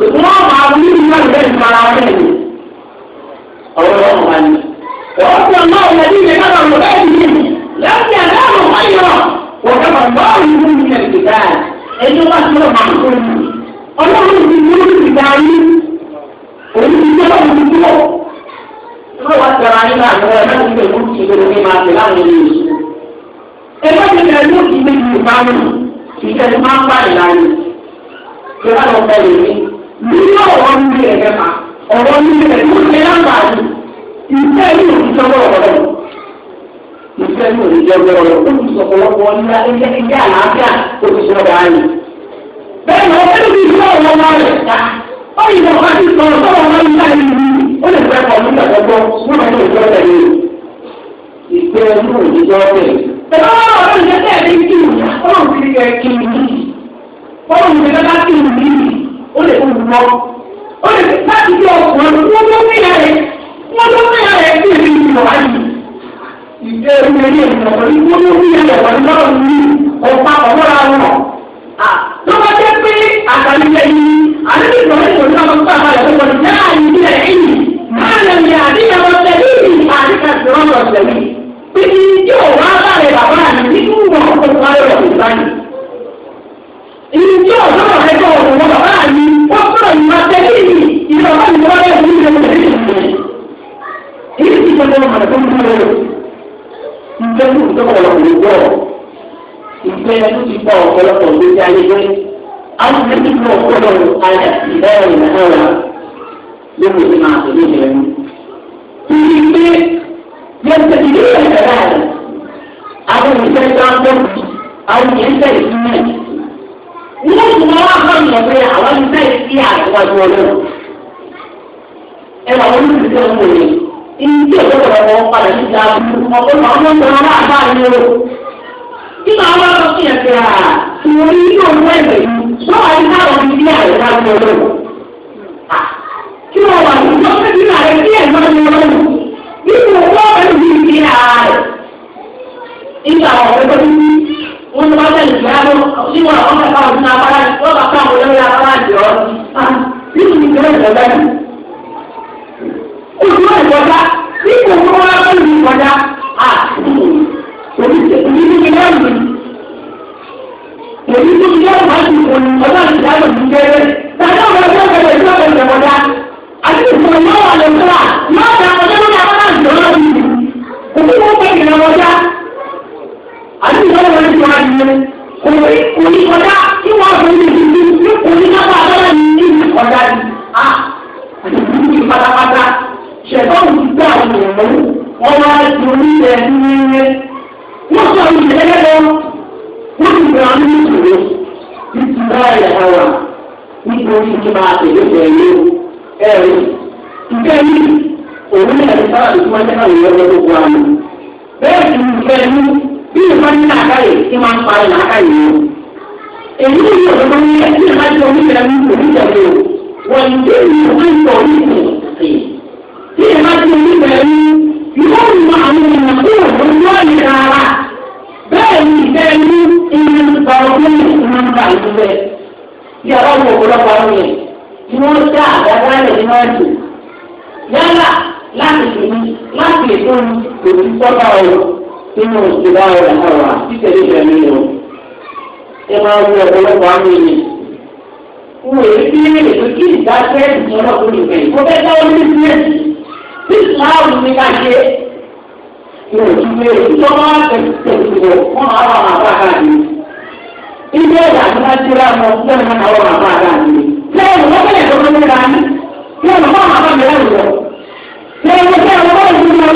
[SPEAKER 1] wọ́n máa wí ní ìlú ìlú mara bẹ́ẹ̀ ni ọ̀rọ̀ wọn wà ní. wọ́n fi ọ̀nà ọ̀nà ní ìlú náà lọ bẹ́ẹ̀ ni lẹ́yìn aláàrùn wáyọ̀ wọ́n dábàá bọ́ọ̀lù ní ìlú ìlú ìdá ẹjọ́ bá tó máa ń kọ́ ni. ọlọ́run ti ní ìlú ìdá yín òun ti jẹ́ òun ti dúró. wọ́n wá tẹ̀ra nígbà àwọn ẹ̀rọ ti gbẹ̀rù ti ní máa tẹ̀ ẹgbẹ́ ti bẹ̀rẹ̀ ló ti gbẹ̀rù ìbámu máa ń pàdé láyé. ìbámu nínú ọ̀rọ̀ nílé ẹ̀rẹ́ ma ọ̀rọ̀ nílé ẹ̀rẹ́ tó ṣe láǹfààní ìfẹ́ yìí ò ní sọ́wọ́ ọ̀rọ̀ ìfẹ́ yìí ò ní sọ́wọ́ ọ̀rọ̀ ó ti sọ ọ̀pọ̀lọpọ̀ ńlá ẹgbẹ́ ẹgbẹ́ àlàáfíà ó ti sọ ọ̀dà ayé. bẹ́ẹ̀ ni ọ̀rọ̀ ẹni tí ìfẹ́ ọ̀rọ̀ máa rẹ̀ ta
[SPEAKER 2] ó yìí lọ wá sí sọ̀rọ̀ sọ̀rọ̀ máa ń
[SPEAKER 1] yá ìlú ó lè fẹ́ kọ̀ nígbà gbogbo wọ́n máa ń lò sọ́dọ̀ yìí ìfẹ́ yìí ò ní sọ́wọ́ ọ̀rọ̀ Tẹ̀lé ọ̀rọ̀ ìjẹ́sẹ̀ ẹ̀dínkì ọ̀rọ̀ òkìrì ẹ̀kìnrin ọ̀rọ̀ òkìrì ó lè fún un ó lè fi láti bí ọkùnrin wọn ló ní ìyá rẹ wọn ló ní ìyá rẹ sí ìlú ìlú wáyé ìjẹ ìlú ẹni ìlú ọ̀rọ̀ ní wọn ló ní ìyá rẹ wọn lọ́rọ̀ ní ọ̀pá ọ̀mọ́ra wọn. ló bá jẹ́ pé àtàlùyẹ yìí àdébí ìgbọ̀nrẹ́ ìgbọ̀nrẹ́ náà máa ń pàmò àyẹ̀wò wọn ní àyè ẹ̀yìn máa lè ní àdéhùn ọ̀sẹ̀ yìí àdéhùn ìlú tí ọ̀dọ́ rẹ̀ àwọn ẹni ti pa ọ̀pọ̀lọpọ̀ ayé ìdáyẹ̀ ìdáyẹ̀ lórí ìdí máa tẹ̀lé ìrẹ̀ mi. Ìdí gbé yẹtẹ̀ ìdí ìrẹ̀ àwọn òṣìṣẹ́ ìgbà ń bọ̀ àwọn òṣìṣẹ́ ìgbà ń ní ìgbìmọ̀ wà fún ìyẹn pé àwọn ní bẹ́ẹ̀ sí àwọn ọdún. ẹ wà wọ́n ní ìdílé ọmọ rẹ̀ tí òkú ọ̀rọ̀ wọn padà ní ìjà ọ̀pọ̀ ọmọ ọmọ aláàbá ni o. kí máa wá lọ sí ẹ̀sẹ̀ à ìwọ ní ilé òun ẹ̀rẹ̀ lọ́wọ́ àti táwọn ti di àrẹ láti ọdún. kí wọ́n wà ní ìjọba ìdílé àrẹ sí ẹ̀ máa ń lọ nínú owó ọ̀rẹ́ mi ti ààrẹ. nígbà àwọn ọ̀rẹ́ wọ́n ti máa tẹ̀lé ìgbà yàtọ̀ níwọ̀n àwọn ọ̀gá kan òfin abala ni wọ́n bá káwọn olórí abala jẹ́ ọ́ sí ní ìgbẹ́ ìgbẹ́gbẹ́ ni. oṣù náà ìkọjá ní ah, kò fún wọn lọ́wọ́ ìlú ìkọjá èyí tó ti yára máa ti kùn ọjọ́ ìdájọ́ ti kéré tàbí ọ̀rọ̀ ọjọ́ ìdájọ́ ìjọba ìjọba ìjọba àti ìfọ̀nà wà lọ́sọ̀rọ̀ máa bá ọjọ́ ìdájọ́ ìjọba ìjọba ìjọba òkú wọn bẹ̀rẹ̀ ìrànwọ́já wá ní oníkọjá tí wọ́n fún mi ní ní ní oníkọjá abẹ́rẹ́ mi ní ní kọjá ni a àti ìdílé pátápátá ṣẹ̀fọ́n ti gbé àwọn wọ́n wá ní onílẹ̀ wọ́n sọ ní ìdẹ́gẹ́ lọ wọ́n ti gbé àwọn oníṣòro nítorí ayẹyẹ àwọn nítorí kí máa tẹ̀lé tẹ̀lé ẹ̀rí ìkẹ́ni òun ní ẹ̀rí sáà tó máa ń tẹ́ka ìyẹn lọ́dọ̀ kó àná bẹ́ẹ̀ ni ìkẹ́ni bí ìfọ́ ní làákàyè tí máa ń pa làákàyè o. èyí ni ìyọ̀ tó ń yẹ ìfọ́ ti oníkẹ̀rẹ́ mi kò ní tẹ̀lé o. wọ́n ní bí ìyọ̀ tó ń tọ̀ ní ìsìn tí ìfọ́ ti oníkẹ̀rẹ́ mi yóò mú àwọn ènìyàn tó wà lórí wọ́ọ̀lì rárá. bẹ́ẹ̀ ni ìfẹ́ ní ìyẹn gba ọdún ìsìn ká ìdúgbẹ́. bí ọ̀rọ̀ wò ọ̀pọ̀lọpọ̀ ọ̀rọ̀ yẹn ni wọ́n dá àgbàdá rẹ̀ níwájú. yálà láti ìlú láti ìlú kò ní sọ́kà ọ̀rọ̀ nínú ìṣúná rẹ̀ ọ̀rọ̀ títẹ̀lé rẹ̀ nínú ẹ máa wọ ọ̀pọ̀lọpọ̀ àmì ni. Wọ́n èyí bí èso kí ìdájọ́ ẹ̀sìn ọlọ́kùnrin rẹ̀ kó fẹ́ dáwọ́ ní bíẹ́sì tí ìsìláàmù ní ká ṣe. Mo ò tún lè tó máa tẹ̀sí tẹ̀sí wọ̀ wọ́n máa mi. Ilé ẹ̀dá tó bá ti rà mọ́ lẹ́nu máa wà wọn àbá mi. Lẹ́yìn wọ́n wọ́n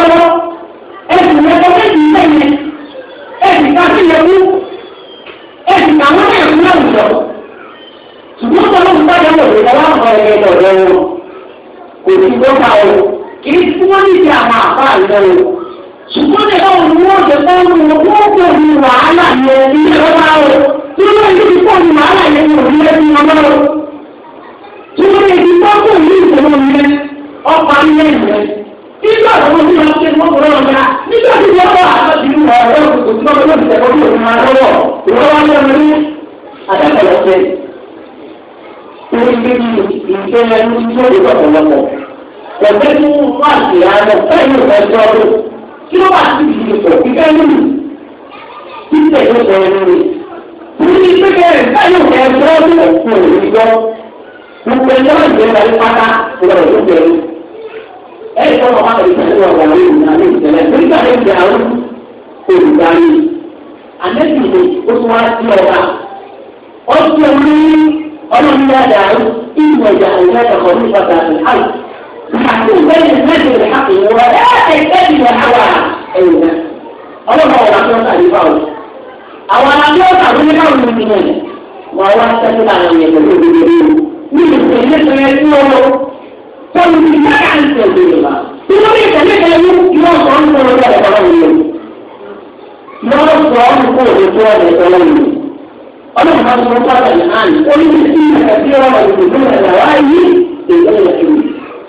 [SPEAKER 1] máa sí ewu ẹ̀sì àwọn ẹ̀rù náà ń lọ. ṣùgbọ́n tó lóun bá yẹn lòdì ọwọ́ àwọn ẹ̀yẹ lọ́dọ̀ wọn kò sí lọ́ta o kì í tí wọ́n níbi àwọn àbá àlọ́ o. ṣùgbọ́n ẹ̀rọ òun wọ́n ṣe fọ́ ọ́n wọn wọ́n kò ní wàhálà yẹn ní ìrọ́lá o. tí wọ́n ti fi ní wàhálà yẹn ní òbí ẹbí ọmọ o. tí wọ́n ti fi fọ́ nígbà tó mo fi máa ṣe mọ́ kúrò ọ̀gá nígbà tí wọ́n bá àtọ́jú ìlú ọ̀rọ̀ kò sí ọmọ yóò tẹ̀kọ́ bí òun máa lọ́wọ́ ìwọ́n wá lọ́wọ́ ní àdàkọ̀lọ́ fẹ́. Orí gbé mi ìfẹ́ ẹni tí ó lè
[SPEAKER 2] Ọ̀gbẹ́ tí wọ́n sí àárọ̀ fẹ́ẹ̀lú ìfẹ́ ọdún
[SPEAKER 1] kí ló wà sí ìdìbò ìfẹ́ lùlù títẹ̀ ló sọ ẹni rẹ̀. Orí gbé bẹ̀rẹ̀ fẹ́ẹ̀lú ìfẹ́ ọdún kò ní gbọ́. Gbogbo ẹjọ́ ìjọba ní pátá lọ́rọ̀ ló ẹ̀rí kọ́ ọ̀hán ìṣẹ̀lẹ̀ ọ̀gá lórí ìlànà ìṣẹ̀lẹ̀ nígbà tí ìṣẹ̀lẹ̀ àwọn olùdarí àlẹ́sìlẹ̀ ó tún wá sí ọ̀gá ó ti rí ọlọ́mọdé àrùn ìmọ̀ ìjà ìjà ìjọba ní ìfọ̀dà àrùn. Àtúntò bẹ́ẹ̀ ni mẹ́tò rẹ̀ hàpì wọ́n ẹ̀ ẹ̀ tẹ́lẹ̀ rẹ̀ àwà ẹ̀yìn náà. Ọlọ́mọ ọ̀gá tó ń tàbí báwò. Àwọn aláwọ̀ tàbí ní báwò ní ìpínlẹ̀ wọ́n wá sẹ́kítà àwọn ẹ̀yẹ̀ pẹ̀lú ìdílé. Ní ìpínlẹ̀ tó yẹ kí wọ́n lọ àtúntò ìlú wa. Nínú bí ìtẹ̀lẹ́tẹ̀ yìí yóò sọ ń kúrò ní ẹ̀kọ́ náà yìí. Yóò sọ ń kúrò ní kúrò ní ẹ̀kọ́ náà yìí. Ọlọ́run máa ń sọ pátá ní àná. Ó ní sí ẹ̀sí ọ̀rọ̀ ìdùnnú ẹ̀rọ wá yí èyí ẹ̀yẹ tó.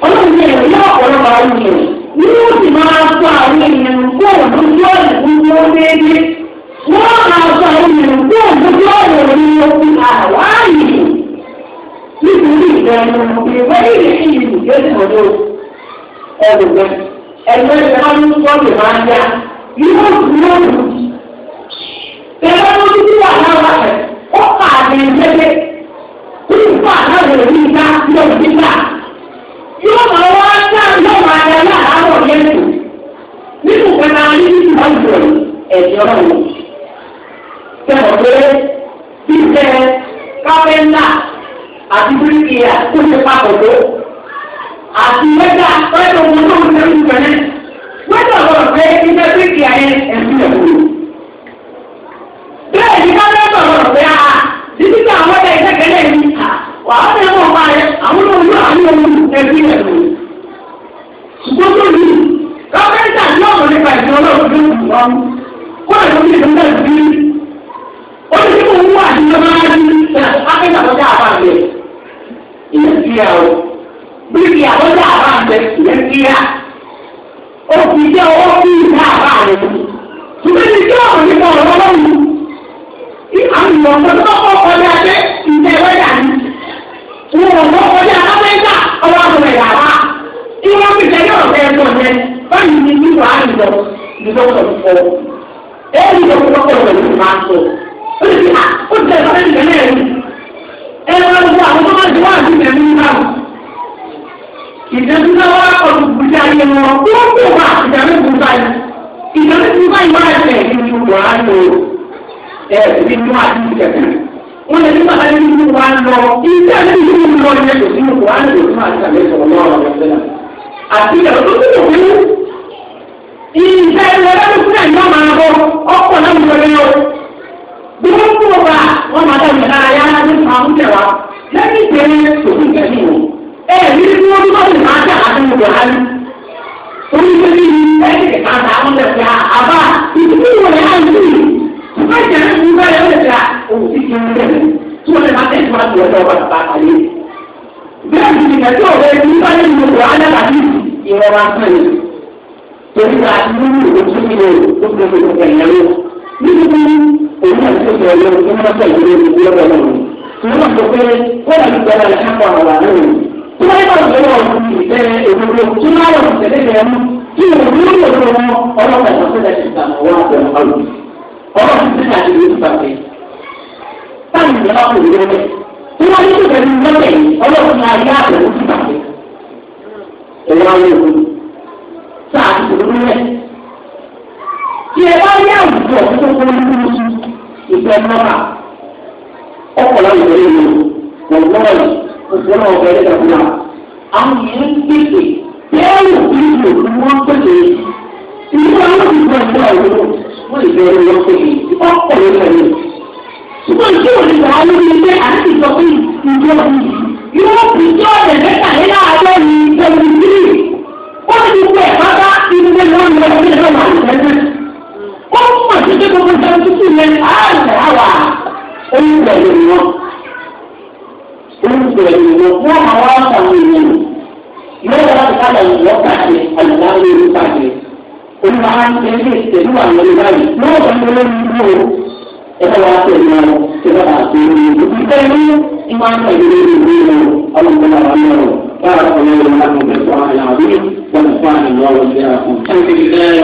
[SPEAKER 1] Ọlọ́run ní ẹ̀rọ yóò ọ̀pọ̀lọpọ̀ àwọn ènìyàn. Ní sì máa sọ àwọn ènìyàn kó òdúdú ọ̀rẹ́ gbogbo déédéé. Wọ́n máa Nítorí ìgbà ìwé ìrìn ìrìn ìgbésẹ̀ ọ̀dọ́ ẹlòmẹ ẹgbẹ́ ìgbà wọn ń sọ lè máa yá yóò dùn yóò dùn tẹ̀lé wọn ti wà lára ẹ̀ ó kà á lè lẹ́lẹ́ kó ìfọ̀ àná rẹ̀ ní ìta yóò ti gbà yóò máa wá dá yóò máa yá láàárọ̀ yẹn tù nínú kẹta ní ìgbà ìgbà ẹ̀jẹ̀ ọ̀hún tẹ̀wọ̀ pé bíbẹ̀ káwé ńlá àti bíríkì àti kó ti àti wẹ́dà wẹ́dà ọmọ náà ń tẹ̀lé ìgbà wẹ́dà ọ̀rọ̀ rẹ̀ ìjẹ́ pínpín ayé ẹ̀sìn ẹ̀kọ́. bẹ́ẹ̀ ni ká lọ́dọ̀ ọ̀rọ̀ rẹ̀ a títí tí àwọn ọ̀dà ìtẹ̀kẹ́lẹ̀ yìí wà á fẹ́ mọ̀ pa àwọn olóòlù àwọn olóòlù ẹ̀sìn ẹ̀kọ́. ṣùgbọ́n tó ní káfíńtà ní ọ̀rọ̀ nípa ìṣòro olóòlù kó bíbí àlọ́jà àbá àgbẹ̀ nàìjíríà òsì jẹ́ owó bí ìta àbá rẹ̀ ṣùgbọ́n ti jẹ́ ọ̀rọ̀ nípa ọ̀rọ̀ lọ́wọ́ àwọn ìwọ̀n tó kọ́ kọjá pé ìta ẹlọ́jà ni wọn kọ́ kọjá amẹ́ríkà ọwọ́ àwọn ẹ̀yà wa kí wọ́n fi jẹ́ yọ̀ ọ̀fẹ́ ẹ̀kọ́ yẹn báyìí ni nínú àlùjọ ìdókòtò fọ́ èyí ìdókòtò fọ́ ìwọ̀n ìlú máa sọ ó ti ṣe ó ti ṣe ìfọ́nrẹ́ ìgbẹ́lẹ́ ẹ̀rú ẹ̀rọ ìdẹ́sílẹ̀ wá yẹn wọn wọ́n kó wá ìdàmú bùjá yẹn ìdàmú bùjá yẹn wọ́n ẹ̀sẹ̀ ìlú wọ́n ẹ̀ ẹ̀sìn mú àti ìjẹ̀kẹ̀. wọ́n lè nípa ẹni nínú wa lọ iṣẹ́ ní ìlú lọ yẹn kò sínú wọ́n á lò fún àtàlẹ́ sọ̀rọ̀ náà lọ́wọ́ sẹ́lẹ̀. àti ìyàwó tó tó wù ú ìṣẹ́ ìwọlẹ́nu máa bọ̀ ọkọ̀ náà wọlé bí wọ́n kó wa wọ́n máa dá ẹ ní wọ́n tó ti máa dá àtúntò buhari oníṣẹ́ ní ní ẹ̀ẹ́dì kẹta àti àwọn ọ̀dẹ̀fẹ̀ àbá ìdílé wọn ni àìsí ṣùgbọ́n ìjà ní ìlú bá yọ ọ̀dẹ̀fẹ̀ òun ti kí wọn tí wọ́n lè máa tẹ̀sí máa tó ọ̀dọ̀ ọ̀bà bàbá àlè bẹ́ẹ̀ ni ìgbàgbé ọ̀rẹ́ ní bá yẹ ìlú buhari àti ìrọ̀rọ̀ àtúntò torí ká lórí ojú ilé tó fi lè fẹ́ ìyàwó níbi òun náà tó fi ọ̀yọ́ ìmọ̀ọ́sọ̀ ìlú ìlú ọ̀dọ̀ náà tí wọ́n sọ pé tí wọ́n yẹ kọ́ ìgbẹ́ wọn ìfẹ́ òdodo tí wọ́n yọ ìtẹ̀lé rẹ̀ mú tí òdodo yóò lọ wọn ọlọ́pàá ìfọ̀sẹ́lẹ̀ ti gbà wọn pẹ̀lú ọlọ́pàá ọlọ́pàá ti gbà ní ìlú ìfàgbé. táyì ìjọba kò lè rẹ tí wọ́n yẹ kọ́ ìgbẹ́ lọ́tẹ̀ ọlọ́pàá ayé àtẹ̀wọ́ ti gbà pé. ẹ̀yà ayé òkú sáà ti òdodo rẹ̀ tí ẹ bá yẹ àwùjọ tó kọ́ ìgbẹ́ mọ́ra ọkọ̀ láwùjọ yìí òṣèlú ọ̀gá ẹ̀dá fúnra. Àwọn yẹn ń pèsè bẹ́ẹ̀rù fídíò ni wọ́n pèsè Ìlú àwọn ìgbà ìgbà òwúrò wọ́n lè bẹ̀rẹ̀ lọ pé ìfọ́ pọ̀ ló Ṣùgbọ́n ìṣe òní kò wá lórí ilé àti ìsọ ìjọ yìí yóò fi jọ́ ọ̀rẹ́ mẹ́tàléláàárọ̀ ní ìjọba ìdílé. Ó ti gbọ́ ẹ̀ pátá ilé wọn lọ sí ẹ̀rọ àìsàn. Ó mọ̀ sí oṣù ẹ̀yìnbó fún àwọn àwọn ènìyàn lọ́wọ́ láti padà ìwọ́ káàkiri àyàlá lórí káàkiri. Olú máa ń ṣe ilé ìtẹ̀lú àwọn ẹni báyìí lọ́wọ́ wa ṣe الله لكم الله وإياكم. الحمد لله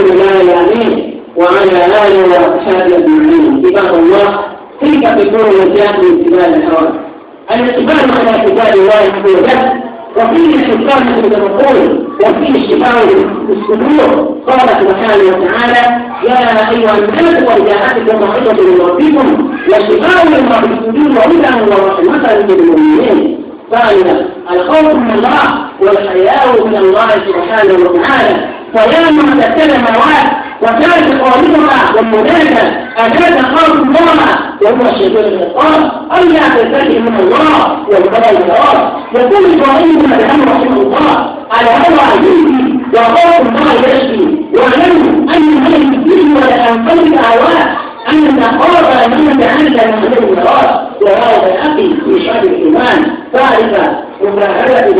[SPEAKER 1] الله العظيم وعلى آله كيف تكون من اتباع الهوى الاتباع على كتاب الله عز وجل وفيه من الرسول وفيه الشفاء للصدور قال سبحانه وتعالى يا ايها الناس وجاءتكم جاءتكم موعظه من ربكم وشفاء لما في الصدور وهدى ورحمه للمؤمنين قال الخوف من الله والحياء من الله سبحانه وتعالى فيا من تكلم واحد وكانت قائمها والمنادى أكاد خاف الله وهو الشيطان أن لا تستحي من الله وهو الله يقول إبراهيم بن لأنه رحمه الله على هوى يبكي وقال الله يشفي وعلم أن من الدين ولا أنفذ الأعواء أن تقارب من تعالى من الله وهذا أخي في شعب الإيمان تعرف مباهلة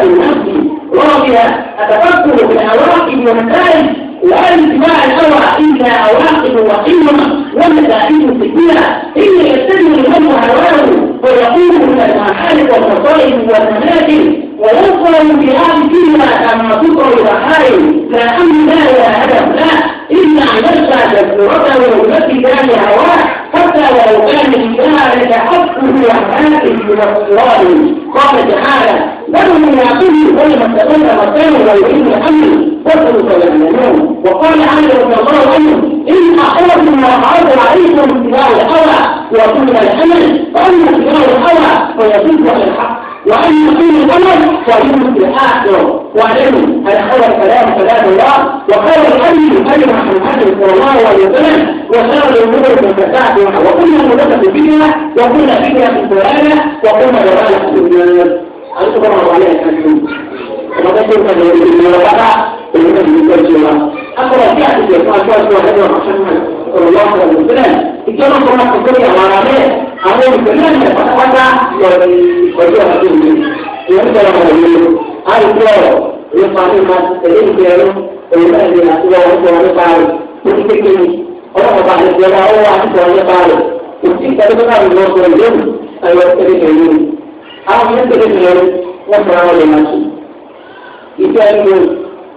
[SPEAKER 1] بالنفس راضية أتفكر بالعواقب والنتائج وهل اتباع الهوى إلا عواقب وقيمه ومتاعب كثيرة إن يستجمع الهوى هواه ويقوم من المحارب والمصائب والمناكب ويظهر في هذه فيها كما تقر الحائل لا أمن لا يا هدف لا إن عملت جذورته التي يعني كان هواه حتى لو كان ذلك حقه وحاله وصراله قال تعالى لهم يعقلوا ولم ما مكانه ويعين أمره وصلوا كلامهم وقال علي رضي الله عنه إن أخذتم ما عرض عليكم اتباع الهوى وكل الأمل فأن اتباع الهوى فيصد عن الحق وأن يكون الأمل فيمسك الآخر وعلم الحوى الكلام كلام الله وقال الحبيب أجمع محمد صلى الله عليه وسلم وشر الأمور مفتاحها وكل مدرسة فيها وكل فكرة في القرآن وكل ضلالة في النار. أنتم طبعا عليها الحمد. وقد يمكن أن يكون èyí náà ní ìgbẹ́ ìjọba. akọ̀rọ̀ bí àti ìjọba agbọ́dọ̀ ẹ̀rọ ọ̀ṣọ́nà ọ̀rọ̀ ìjọba kọ́ra kò tó yà wàrà bẹ́ẹ̀ àwọn olùpẹ̀lẹ́ ẹ̀ pátápátá lọ́ọ̀rì ọjọ́ àti òní. ìyẹn tẹ̀lé ọ̀rọ̀ yìí àìpẹ́ ọ̀rọ̀ nípa nípa tẹ̀lé ìgbẹ́rún òun náà ní àtiwọ́ ọ̀ṣọ́ nípa rẹ̀ ó ti kékeré ọlọ́mọba àìjọba ó wà àtìkọ́ nípa rẹ̀ kò sí ìtẹ́lẹ́gbẹ́ta ìlọ́sọ̀ ìlú ẹ̀rọ tẹ̀lé ìlú àwọn mẹ́tẹ̀lẹ́ ìlú wọ́n fara wọn lè máa ṣe. ìfẹ́ ẹni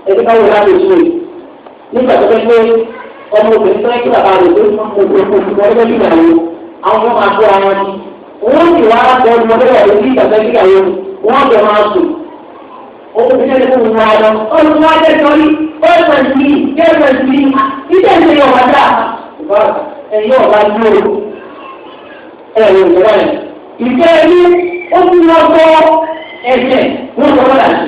[SPEAKER 1] ẹni káwọn ìlànà èso yìí nígbà tó fẹ́ pé ọmọ obìnrin tó ń kí bàbá rẹ̀ tó ń mú gbogbo ìgbà ọjọ́ ìgbàlè àwọn ọmọ àti ara ni wọ́n sì wá láti ọdún ọdún ọdún ní ìgbà tẹ́lẹ̀ ìgbàlè wọ́n jọ máa sùn owó fi ṣẹlẹ̀ fún wọn lọ ọdún wa jẹ́ sọ́rí ọ̀sán sí kẹ́sàn sí títẹ̀ ṣe yọ wá dà ẹ̀yìn ọ̀gá ní o ẹ̀yìn ìjọba yẹn ìfẹ́ ẹni ó fi lọ sọ ẹ̀jẹ̀ wọ́n sọ wọ́n dà sí.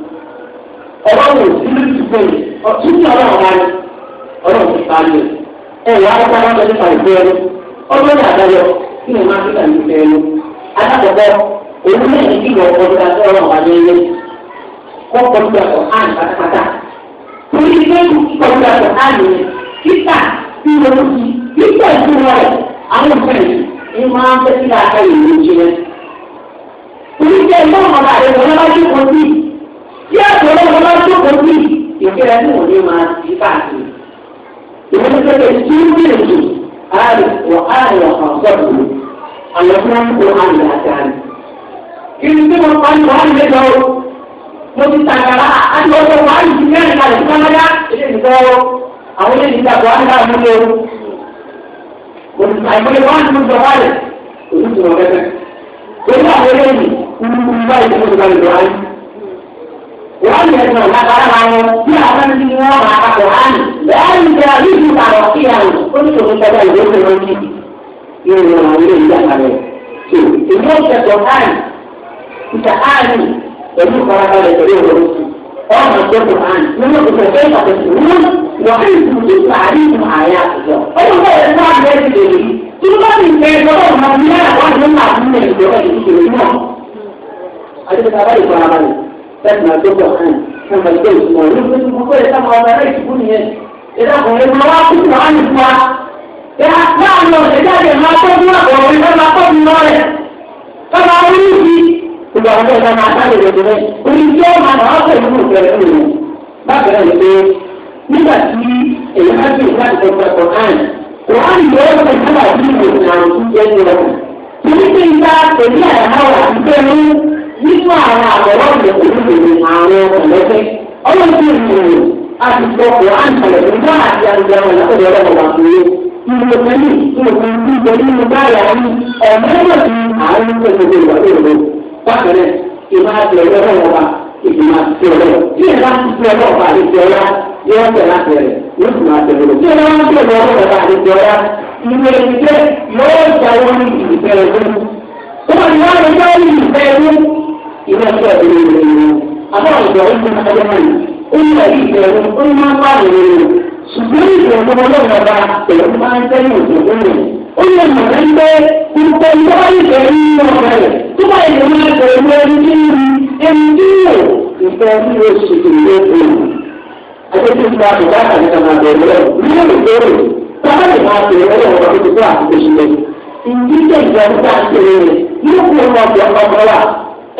[SPEAKER 1] ọlọ́run òsínú ti pè é ọtúntì ọlọ́run wá ní ọlọ́run ti pa ní ẹ wà á nípa ẹnu ọdún ní àdáyọ kí ni máa ẹnu òun náà ní kíkọ ní ilé pátápátá torí kíkà tí ti àwọn ìfẹ́ máa ń ìlú jẹ́ torí tí àgbẹ̀wò wọn bá jókòó sí ìfẹ́ ẹni wò ní máa ti káàkiri. ìwé ní pé tí ó ń bèrè ààrẹ wọ ààrẹ ọ̀sọ̀dù àwọn tí wọ́n ń kó àmì àtàrí. kí ni tí wọ́n parí wọ́n á lè lọ mo ti tàgàrà àti ọjọ́ wọ́n á lè mẹ́rin kalẹ̀ sí kánáyà ilé ìgbọ́ àwọn ilé ìgbàgbọ́ á ń bá àmú lé mo ti tàgàrà wọ́n á ti mú ìjọba rẹ̀ òun ti rọ̀ rẹ̀ bẹ́ẹ̀ wọ́n lè sọ lágbára wa wọn bí àwọn ẹni tí wọ́n máa papọ̀ hàn lẹ́yìn tí a yìí fún àwọn sí àwọn oníṣòwò tẹ́lẹ̀ ìwé tó lọ sí ìrìn àwọn ilé ìyá rẹ̀. èmi ò ṣẹ̀tọ̀ hàn ìta hàn pẹ̀lú ìfarabalẹ̀ pẹ̀lú ìrọ̀rùn wọn wọ́n á ìlú tó fà á ní ìmọ̀ àyà àtijọ́. ó ní láti máa gbé kọ̀ọ̀kan fún ọmọ ìgbé ìsúná ìlú fún ìsúná pé ìsá máa ọmọ ẹ̀rẹ́ ìsúkú nìyẹn ìdá ọkùnrin máa wá fún ìsúná wọn nípa láàrin ọ̀sẹ̀ nínú àwọn àgbọ̀wọ́ ìlẹ̀kùn àwọn ọ̀lẹ́fẹ́ ọlọ́dún ìlú àtìgbọ̀kọ̀ àǹtàlẹ̀ nígbà àti àgbẹ̀ àwọn ìlàkọ̀dẹ̀ ọlọ́wọ́ wà pé ìlú pẹ̀lú ní ọ̀mẹ́rẹ̀ ní àwọn ìgbẹ́gbẹ́ ìwà ìlú bákan tí ìlà ti ọ̀rọ̀ ilé ẹ̀kọ́ ẹ̀dẹ́ ní ìlú ìlú àbọ̀ ìjọ ìjọ ọjọ́ náà ó ní ẹ̀rí ìbẹ̀rù ó ní máa ń bá ìlú ìlú ṣùgbọ́n ìbẹ̀rù ọlọ́run ọba pẹ̀lú máa ń tẹ́lẹ̀ òṣèlú rẹ̀ ó ní ẹ̀mọ̀ rẹ̀ ń gbé gbogbo ìjọba ìbẹ̀rù nínú ọ̀rẹ́ rẹ̀ tó bá ìlú máa ń bẹ̀rù ẹni tí ń rí ẹni tí ń wò ìfẹ́ bí ó tó àti ìṣẹ̀lẹ̀ ìdíje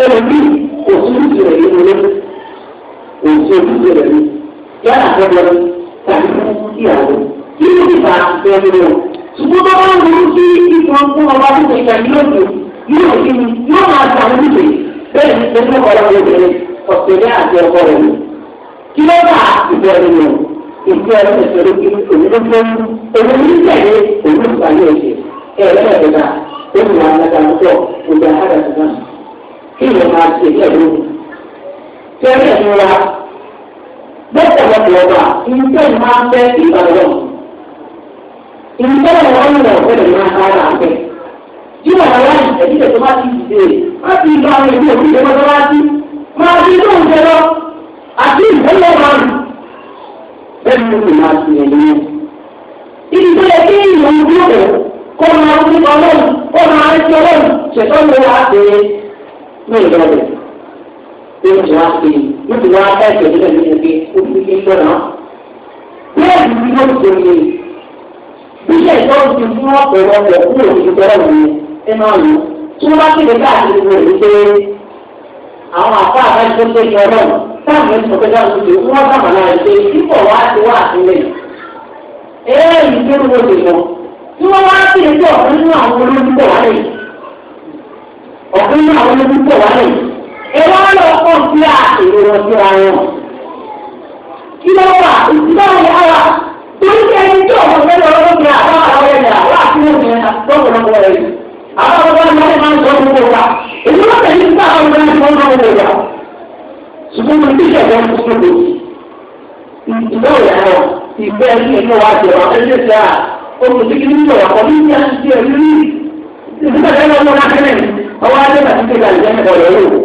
[SPEAKER 1] ẹlòmí kò sí ojúṣe rẹ̀ nínú ilé kò sí rẹ̀ ní yàrá àtọ́jọ́ ní tàbí fún ìyàwó kí ló ti bá àtúntò ẹni lọ. ṣùgbọ́n bá wọn wọ́n kí ipò fún ọba tó ṣe ìgbà yóò tó yóò kí ni yóò máa ta àwọn ojúṣe bẹ́ẹ̀ ni pẹ̀lú ọ̀rọ̀ obìnrin ọ̀sẹ̀lẹ̀ àti ọkọ rẹ̀ ni. kí ló bá ìbẹ̀ ẹni lọ ìfẹ́ ẹni kí olùdókòwò olùdíjẹ̀lẹ̀ olùdókòwò ayé ẹ̀ṣẹ̀ kí ló máa ṣe pẹ̀lú tẹ́lẹ̀ ìnura lọ́pọ̀lọpọ̀ ọba ìṣe máa ń bẹ́ ìbàdàn ìṣe wọn ń lọ pẹ̀lú máa ń ara àgbẹ̀ tí wọn wá ìṣẹ́jú tó bá ti dìde wọ́n ti lọ àwọn ìlú òkú ìjọba tó bá ti máa fi inú òun jẹ lọ àti ìgbẹ́lẹ̀ máa rù bẹ́ẹ̀ ni mo máa ṣe ẹ̀yìn yẹn. ibi tó yẹ kí ìlú òun dúró kó máa ń fi ọlọ́run kó máa ń fi ọlọ́run ṣẹ̀tọ́ ló wá ṣe é ní ìlú rẹ̀ bí wọ́n ti wá sí i wọ́n ti wá ẹ̀sẹ̀ nílẹ̀ nínú pé ó fi lé lọ́nà. bẹ́ẹ̀ ni wọ́n ti lè bí iṣẹ́ ìtọ́jú ti fún ọ̀pọ̀lọpọ̀ kúrò ní ìtọ́jú rẹ̀ nínú ọ̀nà tí wọ́n bá kéde káàkiri rẹ̀ wípé àwọn àpá àbájọ tó ṣe ọlọ́run táàmù ẹ̀sìn ọ̀pẹ́ dáhùn tó ṣe wọ́n sábà náà ṣe kíkọ̀ wá ti wá àtúnlẹ̀. ẹ̀ẹ́dì tó ń ti lọ tí wọ́n wá sí ẹgbẹ́ nínú àwọn olóńgbò wáyé ọ̀kan ní àwọn ẹbí pọ̀ wáyé ẹ̀rọ lọ kọ́ sí à ìrora sí ara wọn. kí ló wà ìdílé àwọn ará torí kí ẹni tí ọ̀pọ̀ fẹ́ lọ́wọ́ ló àbá àwọn ẹ̀yà wá sí òun yẹn lọ́pọ̀lọpọ̀ rẹ̀ yìí. àwọn ọmọ ọmọ ẹ̀ máa ń sọ gbogbo wa èyí wọ́n tẹ̀lé nípa àwọn ọmọ ẹ̀ máa ń sọ gbogbo wa. ṣùgbọ́n mo ti ṣẹ̀dá ń fún mi. ìdílé ìyàwó ìgbẹ́ inú wa jẹ̀ wá ẹgbẹ́ sáà olùdíkì nínú ọ̀pọ̀ nínú ọwọ́ adé bàtí kéka lè jẹ́ ẹ̀kọ́ lọ́wọ́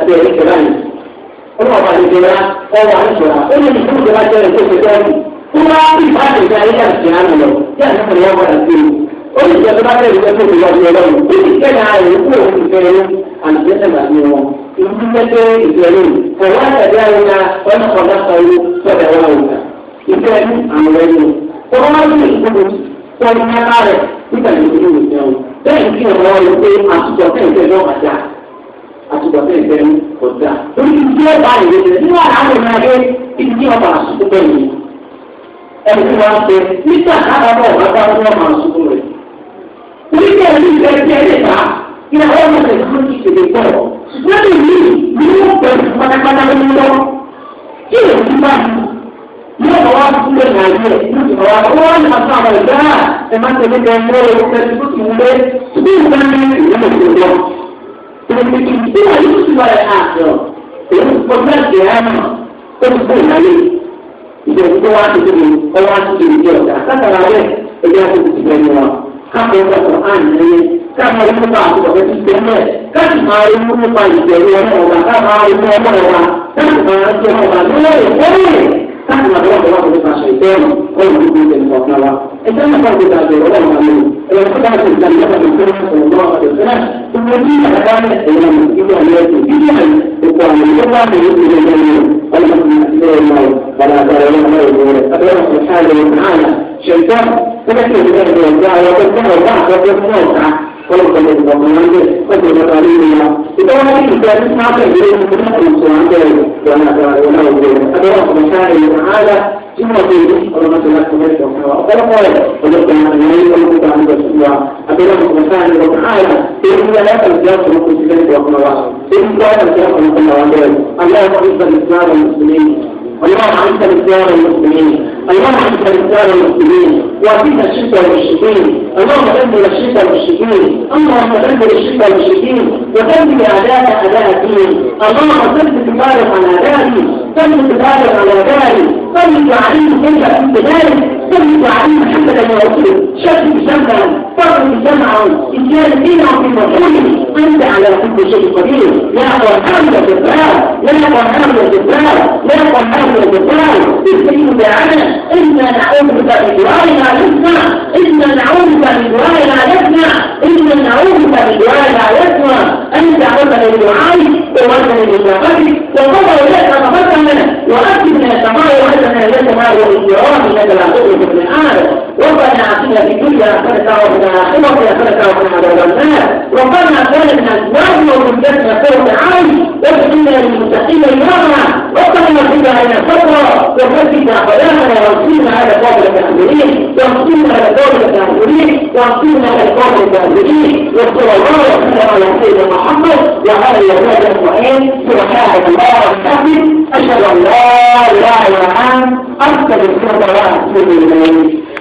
[SPEAKER 1] abẹ́rẹ́ ìṣẹ̀lá yìí ọlọ́wọ́ bá lè jẹ́ra ọwọ́ àìṣọ̀ra ó lè nìkú ìjọba jẹ́rẹ̀ tó ṣe tẹ́lẹ̀ tó bá rí ìbáṣe ìṣẹ́ ayé yàtọ̀ sí àná lọ yà ní ọ̀rẹ́ yàgbọ́ àti ewu ó lè jẹ́ tó bá tẹ̀lé tó ṣe lọ́wọ́ lọ́wọ́ ó sì kẹ́ni ààrẹ kú òun ìfẹ́ ẹ̀rọ àlùfẹ́sẹ̀ màmí wọn ìlú mẹ́tẹ́ ìfẹ́ ẹ̀rọ ọ̀wọ́ àtàdé àyíká ọ̀nà ọ̀gá sọ̀rọ̀ sọ̀rọ̀ wà òkà ìfẹ́ ẹ̀rọ àwọn ẹ̀rọ ọ̀wọ́ àti ìfẹ́ ẹ̀rọ ọ̀nà ara rẹ̀ nígbà tó ń gbé ìfẹ́ ẹ̀rọ bẹ́ẹ̀ kí ọ̀rọ̀ rẹ̀ pé àtùgbà bẹ́ẹ̀ bẹ́ẹ̀ lọ́wọ́ àdá àtùgbà bẹ́ẹ̀ bẹ́ẹ̀ kò dá. Torí ti tí ó bá lè lè nínú àlàáfíà náà dé ibi tí wọ́n bá sùkú bẹ́ẹ̀ ni. Ẹni tí wọ́n fẹ́ nígbà kára bọ̀ wọ́n bá wọ́n máa sùkú rẹ̀. Torí tí ẹni ìgbẹ́ ti ẹni ta ni àwọn ọmọ rẹ̀ ló ti ṣèlè pọ̀. Lẹ́yìn yìí ni wọ́n pẹ̀lú pátápátá lọ́wọ́ tí èyí bá yìí yóò lọ wá fún ilé nàìjíríà yóò lọ wá fún wọn àti àwọn ìgbà ẹ má tẹ̀lé bẹ mọ́ ẹ kó tẹ̀lé tó ti wúlé tó bí ìgbà ní ìlú òkè lọ. Èmi kì í wà ní ìtura ẹ̀ àjọ èmi kò fẹ́ ṣe é mọ̀ ó ti bó ìyáyé ìjọba tó wá ti tóbi ó wá ti tóbi jẹ ọ̀gá sákàrà bẹ́ẹ̀ ẹgbẹ́ àti ti bẹ̀ ni wọn káfọ́ ọ̀pọ̀ àìníyé káfọ́ nípa àtúbọ̀tẹ́ ti tẹ̀ mẹ́ káàtì máa rí mú nípa ìjẹ̀rú ọmọ ọ̀gá káàtì máa rí mú ọmọ ọ̀gá káàtì máa rí mú ọmọ ọ̀gá lórí ìwọ́rì láti máa dọ́wọ́ dọ́wọ́ àti pàṣẹ ìtẹ́ẹ̀mù ọ̀rọ̀ ní ìgbésẹ̀ nípa ọ̀kan wa. ẹgbẹ́ nípa ìgbésẹ̀ àjọ ọ̀rọ̀ ìwà mi ẹ̀rọ tó bá ti ìgbà nípa ìgbésẹ̀ ọ̀rọ̀ náà àti ìfẹ́ gbogbo ní ìyàrá ẹ̀yà ìgbésẹ̀ ọ̀rọ̀ ẹ̀sìn bíbí àyè òkú àwọn ìgbésẹ̀ wà ní ìgbésẹ̀ ọ̀rọ̀ ọ̀rọ̀ ọ̀rọ̀ ọ̀rọ̀ ọ̀rọ̀ olùkọ́ni ìgbọ̀nmọ́ lóde ọ̀dọ̀ ìjọba lóde wa ìtọ́wọ́ ní ìgbà tí wọ́n fẹ́ gbé ní ọdún tó ń sọ wọn bẹ̀rẹ̀ lọ́nà àtàwọn ọ̀gbẹ́ àtàwọn ọ̀gbẹ́ sáré àádá tí wọ́n fẹ́ gbé ọlọ́mọ tó láti fẹ́ sọ fún wa ọ̀pọ̀lọpọ̀ rẹ̀ olùkọ́ àtàwọn olùkọ́ àtàwọn sọ wa àtàwọn ọ̀gbẹ́ sáré lọ́kọ̀ àádá èyí ni aláta ìjà sọ̀rọ̀ kò sí lẹ́sọ̀ fún wa èyí ni aláta ìjà sọ̀rọ̀ fún wa bẹ̀rẹ̀ aláta ìjà sọ̀rọ̀ fún wa bẹ̀rẹ̀ اللهم احفظ الاسلام والمسلمين وافيد الشرك والمشركين اللهم دمر الشرك والمشركين اللهم دمر الشرك والمشركين ودمر اعداء اعداء الدين اللهم ثبت مبارك على اعدائي ثبت مبارك على اعدائي ثبت عليهم كيف كنت كل تعليم محبة الرسول شكل الجمع فرد الجمع إجلال فينا وفي مفهومه أنت على كل شيء قدير لا تنحر الإبرار لا تنحر الإبرار لا تنحر الإبرار تسليم دعانا إنا نعوذ بك بدعاء لا إنا نعوذ بك بدعاء لا إنا نعوذ بك بدعاء لا يسمع أنت عرفت للدعاء ووزن لإجابتك وقضى إليك نفسنا وأكد من السماء وأكد من السماء والإجرام إنك لا تؤمن من الآن ربنا أعطينا في الدنيا حسنة وفي الآخرة حسنة وقنا عذاب النار ربنا أعطينا من أزواجنا وذريتنا قرة عين واسقنا للمتقين إماما وقنا بنا على الفقر وثبت أقدامنا وانصرنا على قوم الكافرين وانصرنا على قوم الكافرين وانصرنا على قوم الكافرين وصلى الله وسلم على سيدنا محمد وعلى الأولاد أجمعين سبحانك الله وبحمدك أشهد أن لا إله إلا أنت أستغفرك وأتوب إليك